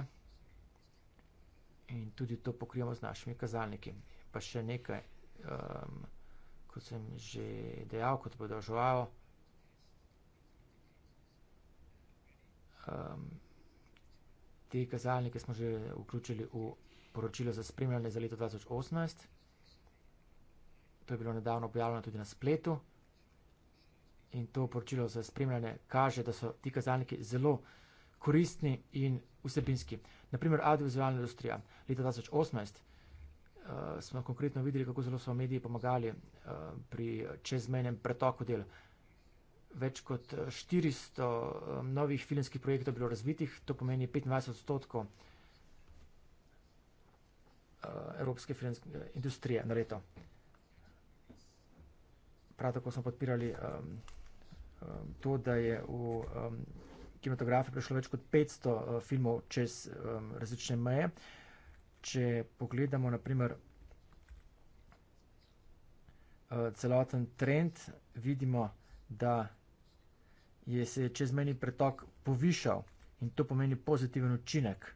In tudi to pokrijemo z našimi kazalniki. Pa še nekaj, um, kot sem že dejal, kot bo doživljal. Um, ehm, te kazalnike smo že vključili v poročilo za spremljanje za leto 2018. To je bilo nedavno objavljeno tudi na spletu. In to poročilo za spremljanje kaže, da so ti kazalniki zelo koristni in vsebinski. Naprimer, audiovizualna industrija. Leta 2018 uh, eh, smo konkretno videli, kako zelo so mediji pomagali uh, pri čezmenem pretoku del. Več kot 400 uh, eh, novih filmskih projektov je bilo razvitih, to pomeni 25 odstotkov uh, Eh, evropske filmske eh, industrije na leto. Prav tako smo podpirali um, to, da je v um, kinematografi prišlo več kot 500 uh, eh, filmov čez um, različne meje. Če pogledamo, naprimer, uh, celoten trend, vidimo, da je se čezmeni pretok povišal in to pomeni pozitiven učinek.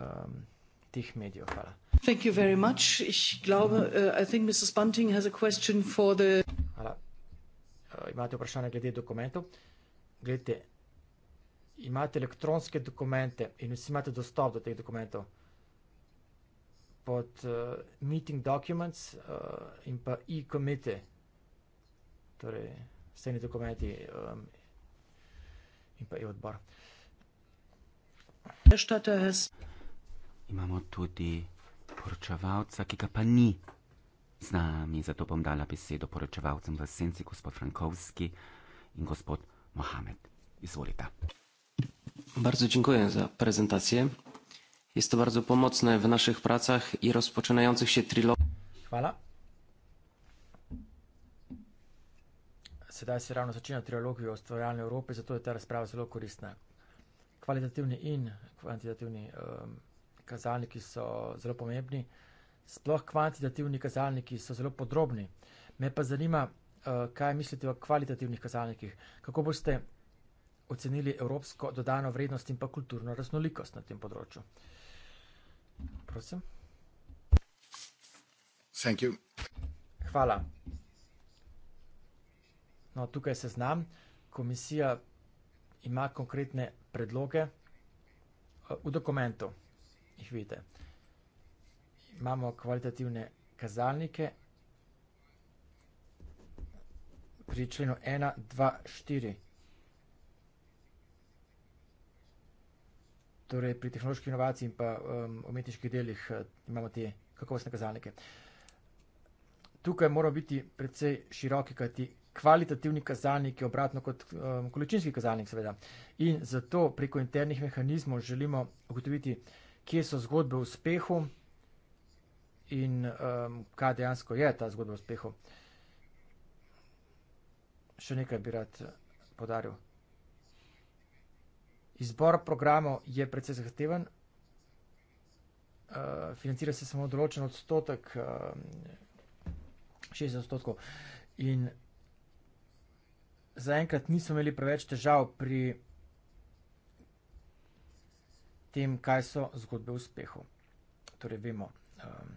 Um, teh medijev. Hvala. Thank you very much. Ich glaube, uh, I think Mrs. Bunting has a question for the. Hvala. Uh, imate vprašanje glede dokumentov? Gledajte, imate elektronske dokumente in vsi imate dostop do teh dokumentov pod uh, meeting documents uh, in pa e-komite, torej vsemi dokumenti um, in pa e-odbor. Herr Stadter, imamo tudi poročevalca, ki ga pa ni z nami, zato bom dala besedo poročevalcem v senci, gospod Frankovski in gospod Mohamed. Izvolite. Bardzo dziękuję za prezentację. Jest to bardzo pomocne w naszych pracach i rozpoczynających się trilog. Hvala. Sedaj se ravno začenja trilog o stvarjalni Evropi, zato je ta razprava zelo koristna. Kvalitativni in kvantitativni um, kazalniki so zelo pomembni, sploh kvantitativni kazalniki so zelo podrobni. Me pa zanima, eh, kaj mislite o kvalitativnih kazalnikih, kako boste ocenili evropsko dodano vrednost in pa kulturno raznolikost na tem področju. Prosim. Hvala. No, tukaj se znam. Komisija ima konkretne predloge eh, v dokumentu jih vidite. Imamo kvalitativne kazalnike pri členu 1, 2, 4. Torej pri tehnoloških inovacij in pa um, umetniških delih eh, imamo te kakovostne kazalnike. Tukaj moramo biti predvsej široki, kaj ti kvalitativni kazalnik je obratno kot um, količinski kazalnik seveda. In zato preko internih mehanizmov želimo ugotoviti kvalitativni kazalnik, kje so zgodbe o uspehu in um, kaj dejansko je ta zgodba o uspehu. Še nekaj bi rad podaril. Izbor programov je precej zahteven. Uh, financira se samo določen odstotek, uh, um, 60 odstotkov. In zaenkrat nismo imeli preveč težav pri tem, kaj so zgodbe o uspehu. Torej, vemo, um,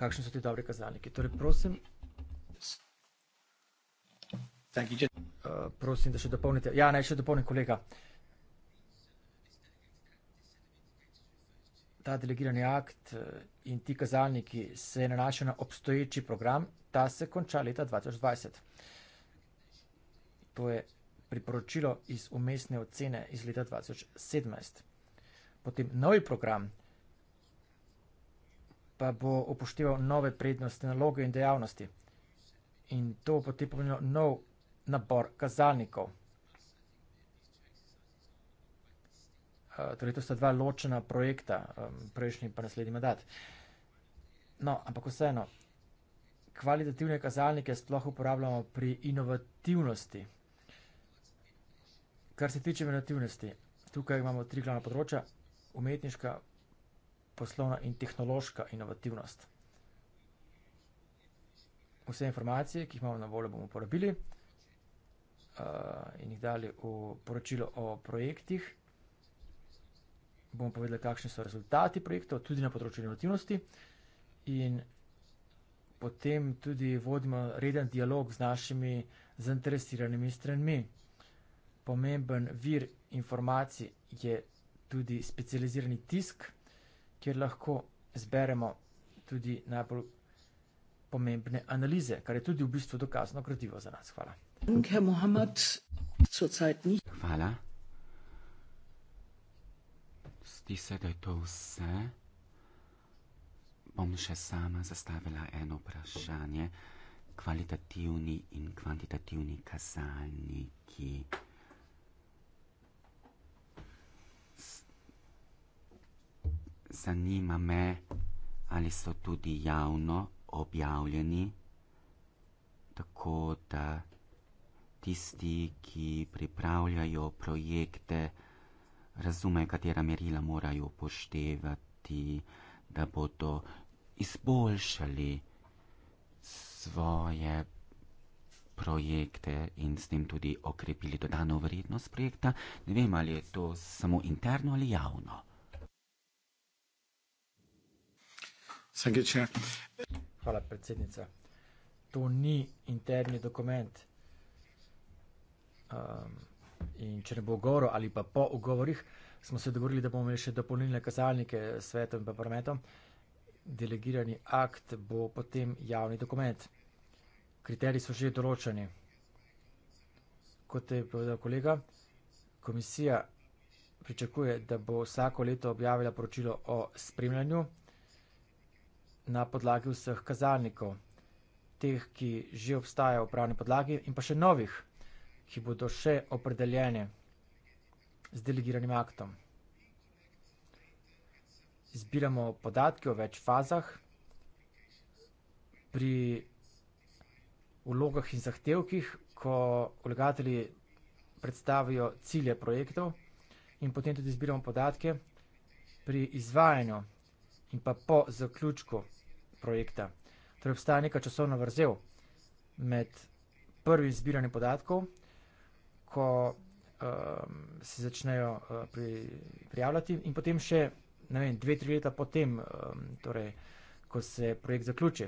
kakšni so ti dobri kazalniki. Torej, prosim, uh, prosim, da še dopolnite. Ja, naj še dopolni kolega. Ta delegirani akt eh, in ti kazalniki se nanašajo na obstoječi program, ta se konča leta 2020. To je priporočilo iz umestne ocene iz leta 2017. Potem novi program pa bo upošteval nove prednosti, naloge in dejavnosti. In to bo potem pomenilo nov nabor kazalnikov. Eh, torej, to sta dva ločena projekta, prejšnji pa naslednji mandat. No, ampak vseeno, kvalitativne kazalnike sploh uporabljamo pri inovativnosti. Kar se tiče inovativnosti, tukaj imamo tri glavna področja: umetniška, poslovna in tehnološka inovativnost. Vse informacije, ki jih imamo na voljo, bomo uporabili uh, eh, in jih dali v poročilo o projektih. Bomo povedali, kakšni so rezultati projektov, tudi na področju inovativnosti, in potem tudi vodimo reden dialog z našimi zainteresiranimi stranmi pomemben vir informacij je tudi specializirani tisk, kjer lahko zberemo tudi najbolj pomembne analize, kar je tudi v bistvu dokazno gradivo za nas. Hvala. Hvala. Zdi se, da je to vse. Bom še sama zastavila eno vprašanje. Kvalitativni in kvantitativni kazalniki. zanima me, ali so tudi javno objavljeni, tako da tisti, ki pripravljajo projekte, razumejo, katera merila morajo upoštevati, da bodo izboljšali svoje projekte in s tem tudi okrepili dodano vrednost projekta. Ne vem, ali je to samo interno ali javno. Sankečina. Hvala, predsednica. To ni interni dokument. Um, in če ne bo govoril ali pa po ugovorih, smo se dogovorili, da bomo imeli še dopolnilne kazalnike s svetom in pa prometom. Delegirani akt bo potem javni dokument. Kriteriji so že določeni. Kot je povedal kolega, komisija pričakuje, da bo vsako leto objavila poročilo o spremljanju na podlagi vseh kazalnikov, teh, ki že obstajajo v pravni podlagi, in pa še novih, ki bodo še opredeljene z delegiranim aktom. Zbiramo podatke v več fazah, pri vlogah in zahtevkih, ko vlagatelji predstavijo cilje projektov, in potem tudi zbiramo podatke pri izvajanju in pa po zaključku projekta. Torej obstaja neka časovna vrzel med prvim zbiranjem podatkov, ko um, se začnejo uh, pri, prijavljati in potem še vem, dve, tri leta potem, um, ehm, torej, ko se projekt zaključi.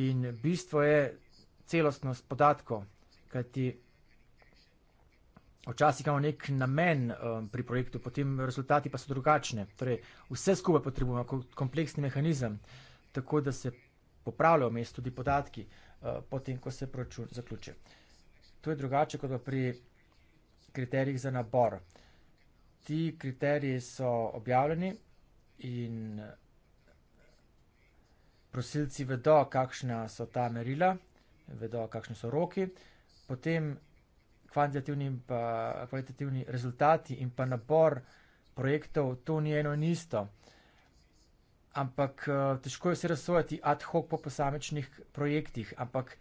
In bistvo je celostnost podatkov, kajti včasih imamo nek namen um, pri projektu, potem rezultati pa so drugačne. Torej, vse skupaj potrebujemo kot kompleksni mehanizem. Uh, tako da se popravljajo mest tudi podatki, eh, potem ko se proračun zaključi. To je drugače kot pri kriterijih za nabor. Ti kriteriji so objavljeni in eh, prosilci vedo, kakšna so ta merila, vedo, kakšne so roki, potem kvantitativni in pa kvalitativni rezultati in pa nabor projektov, to ni eno in isto ampak uh, težko je vse razsojati ad hoc po posamečnih projektih. Ampak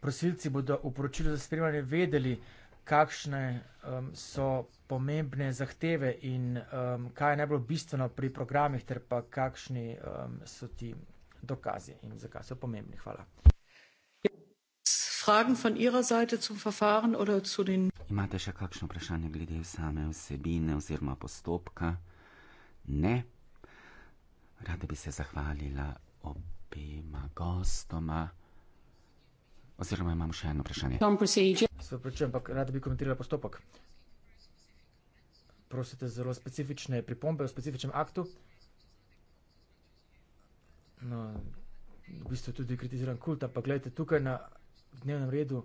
prosilci bodo v poročilu za spremljanje vedeli, kakšne um, so pomembne zahteve in um, kaj je najbolj bistveno pri programih, ter pa kakšni um, so ti dokazi in zakaj so pomembni. Hvala. Den... Imate še kakšno vprašanje glede same vsebine oziroma postopka? Ne, Rada bi se zahvalila obima gostoma. Oziroma imam še eno vprašanje. Se pravi, ampak rada bi komentirala postopek. Prosite zelo specifične pripombe v specifičnem aktu. No, v bistvu tudi kritiziran kult, ampak gledajte, tukaj na dnevnem redu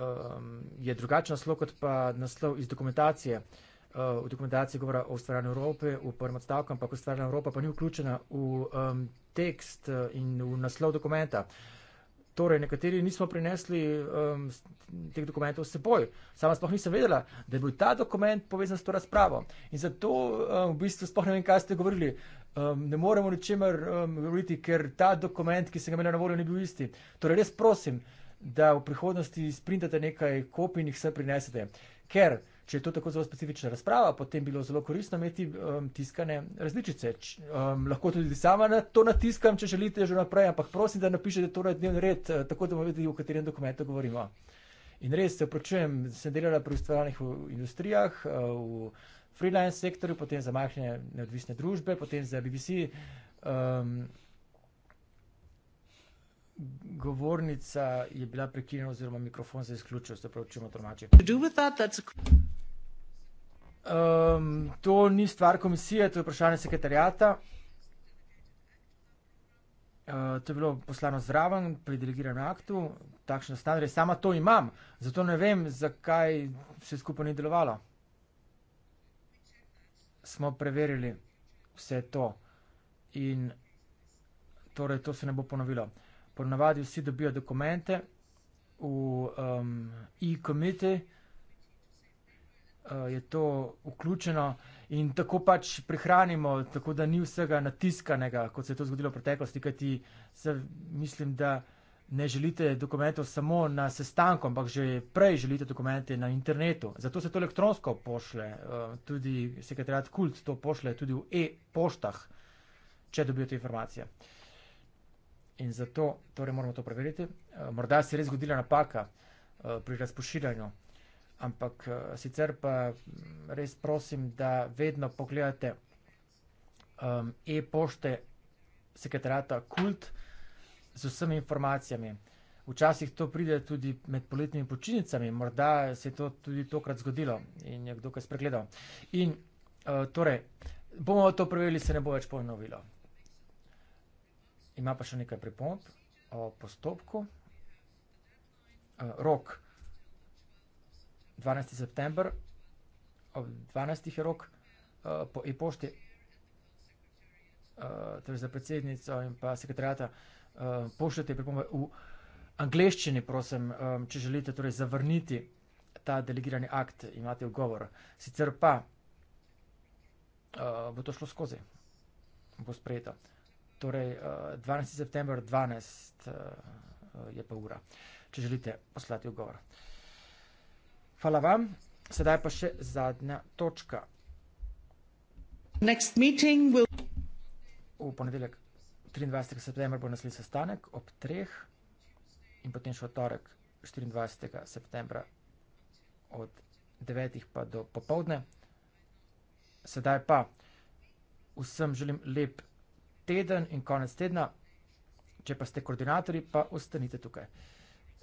um, je drugačen naslov kot pa naslov iz dokumentacije. Uh, Eh, v dokumentaciji govora o ustvarjanju Evrope v prvem odstavku, ampak ustvarjanje Evrope pa ni vključena v um, tekst eh, in v naslov dokumenta. Torej, nekateri nismo prinesli um, teh dokumentov s seboj. Sama sploh nisem vedela, da je bil ta dokument povezan s to razpravo. In zato um, v bistvu sploh ne vem, kaj ste govorili. Um, ne moremo ničemer um, govoriti, ker ta dokument, ki sem ga imela na voljo, ni bil isti. Torej, res prosim, da v prihodnosti sprintate nekaj kopij in jih vse prinesete. Ker Če je to tako zelo specifična razprava, potem bi bilo zelo koristno imeti um, tiskane različice. Č, um, lahko tudi sama na to natiskam, če želite že naprej, ampak prosim, da napišete torej dnevni red, eh, tako da bomo vedeli, o katerem dokumentu govorimo. In res se opročujem, sem delala pri ustvarjalnih industrijah, eh, v freelance sektorju, potem za majhne neodvisne družbe, potem za BBC. Um, govornica je bila prekinjena oziroma mikrofon se je izključil, se pravi, če imamo tromače. Um, to ni stvar komisije, to je vprašanje sekretarijata. Uh, eh, to je bilo poslano zraven pri delegiranem aktu, takšne standarde, sama to imam, zato ne vem, zakaj vse skupaj ni delovalo. Smo preverili vse to in torej to se ne bo ponovilo ponavadi vsi dobijo dokumente v um, e-committee, uh, je to vključeno in tako pač prihranimo, tako da ni vsega natiskanega, kot se je to zgodilo v preteklosti, kajti mislim, da ne želite dokumentov samo na sestankom, ampak že prej želite dokumente na internetu. Zato se to elektronsko pošle, uh, tudi sekretariat kult to pošle tudi v e-poštah, če dobijo te informacije. Uh, In zato torej moramo to preveriti. Eh, morda se je res zgodila napaka eh, pri razpošiljanju, ampak eh, sicer pa mm, res prosim, da vedno pogledate ehm, e-pošte sekretarata Kult z vsemi informacijami. Včasih to pride tudi med poletnimi počinicami, morda se je to tudi tokrat zgodilo in je kdo kaj spregledal. In uh, torej, bomo to preverili, se ne bo več ponovilo. Ima pa še nekaj pripomb o postopku. Eh, rok 12. september, ob 12. je rok eh, po e-pošti, eh, torej za predsednico in pa sekretarjata, pošljete pripombe v angleščini, prosim, če želite torej zavrniti ta delegirani akt, imate ugovor. Sicer pa bo to šlo skozi, bo sprejeto. Torej, 12. Eh, september 12 eh, je pa ura, če želite poslati ugovor. Hvala vam, sedaj pa še zadnja točka. Will... V ponedeljek 23. september bo naslednji sestanek ob 3. in potem še v torek 24. septembra od 9. pa do popovdne. Sedaj pa vsem želim lep teden in konec tedna. Če pa ste koordinatorji, pa ostanite tukaj.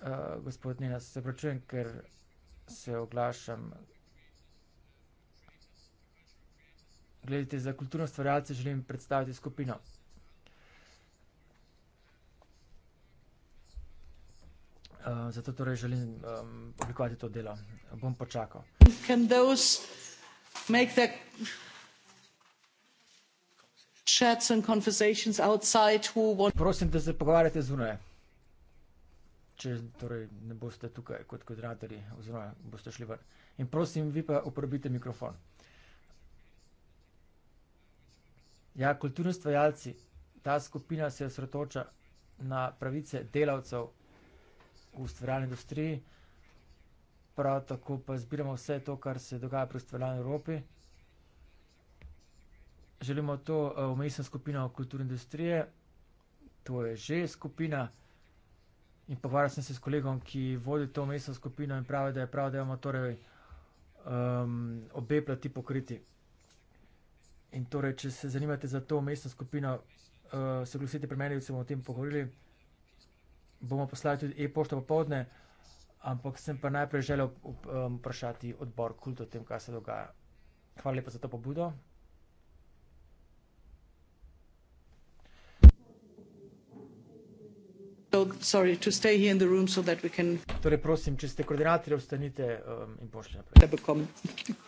Uh, gospod Nina, se pravčujem, ker se oglašam. Gledajte, za kulturno stvarjalce želim predstaviti skupino. Uh, zato torej želim um, oblikovati to delo. Bom počakal. Can those make that chats and conversations outside who want Prosim, da se pogovarjate zunaj. Če torej ne boste tukaj kot kodratorji, oziroma boste šli ven. In prosim, vi pa uporabite mikrofon. Ja, kulturni stvarjalci, ta skupina se osredotoča na pravice delavcev v ustvarjalni industriji, prav tako pa zbiramo vse to, kar se dogaja pri ustvarjalni Evropi želimo to omejiti eh, skupino kulturne industrije, to je že skupina. In pogovarjal sem se s kolegom, ki vodi to omejitev skupino in pravi, da je prav, da imamo torej, um, obe plati pokriti. In torej, če se zanimate za to omejitev skupino, uh, se glasite pri meni, da se bomo o tem pogovorili. Bomo poslali tudi e-pošto popovdne, ampak sem pa najprej želel vprašati odbor kult o tem, kaj se dogaja. Hvala lepa za to pobudo. Torej prosim, če ste koordinatorji, ostanite um, in pošljite naprej.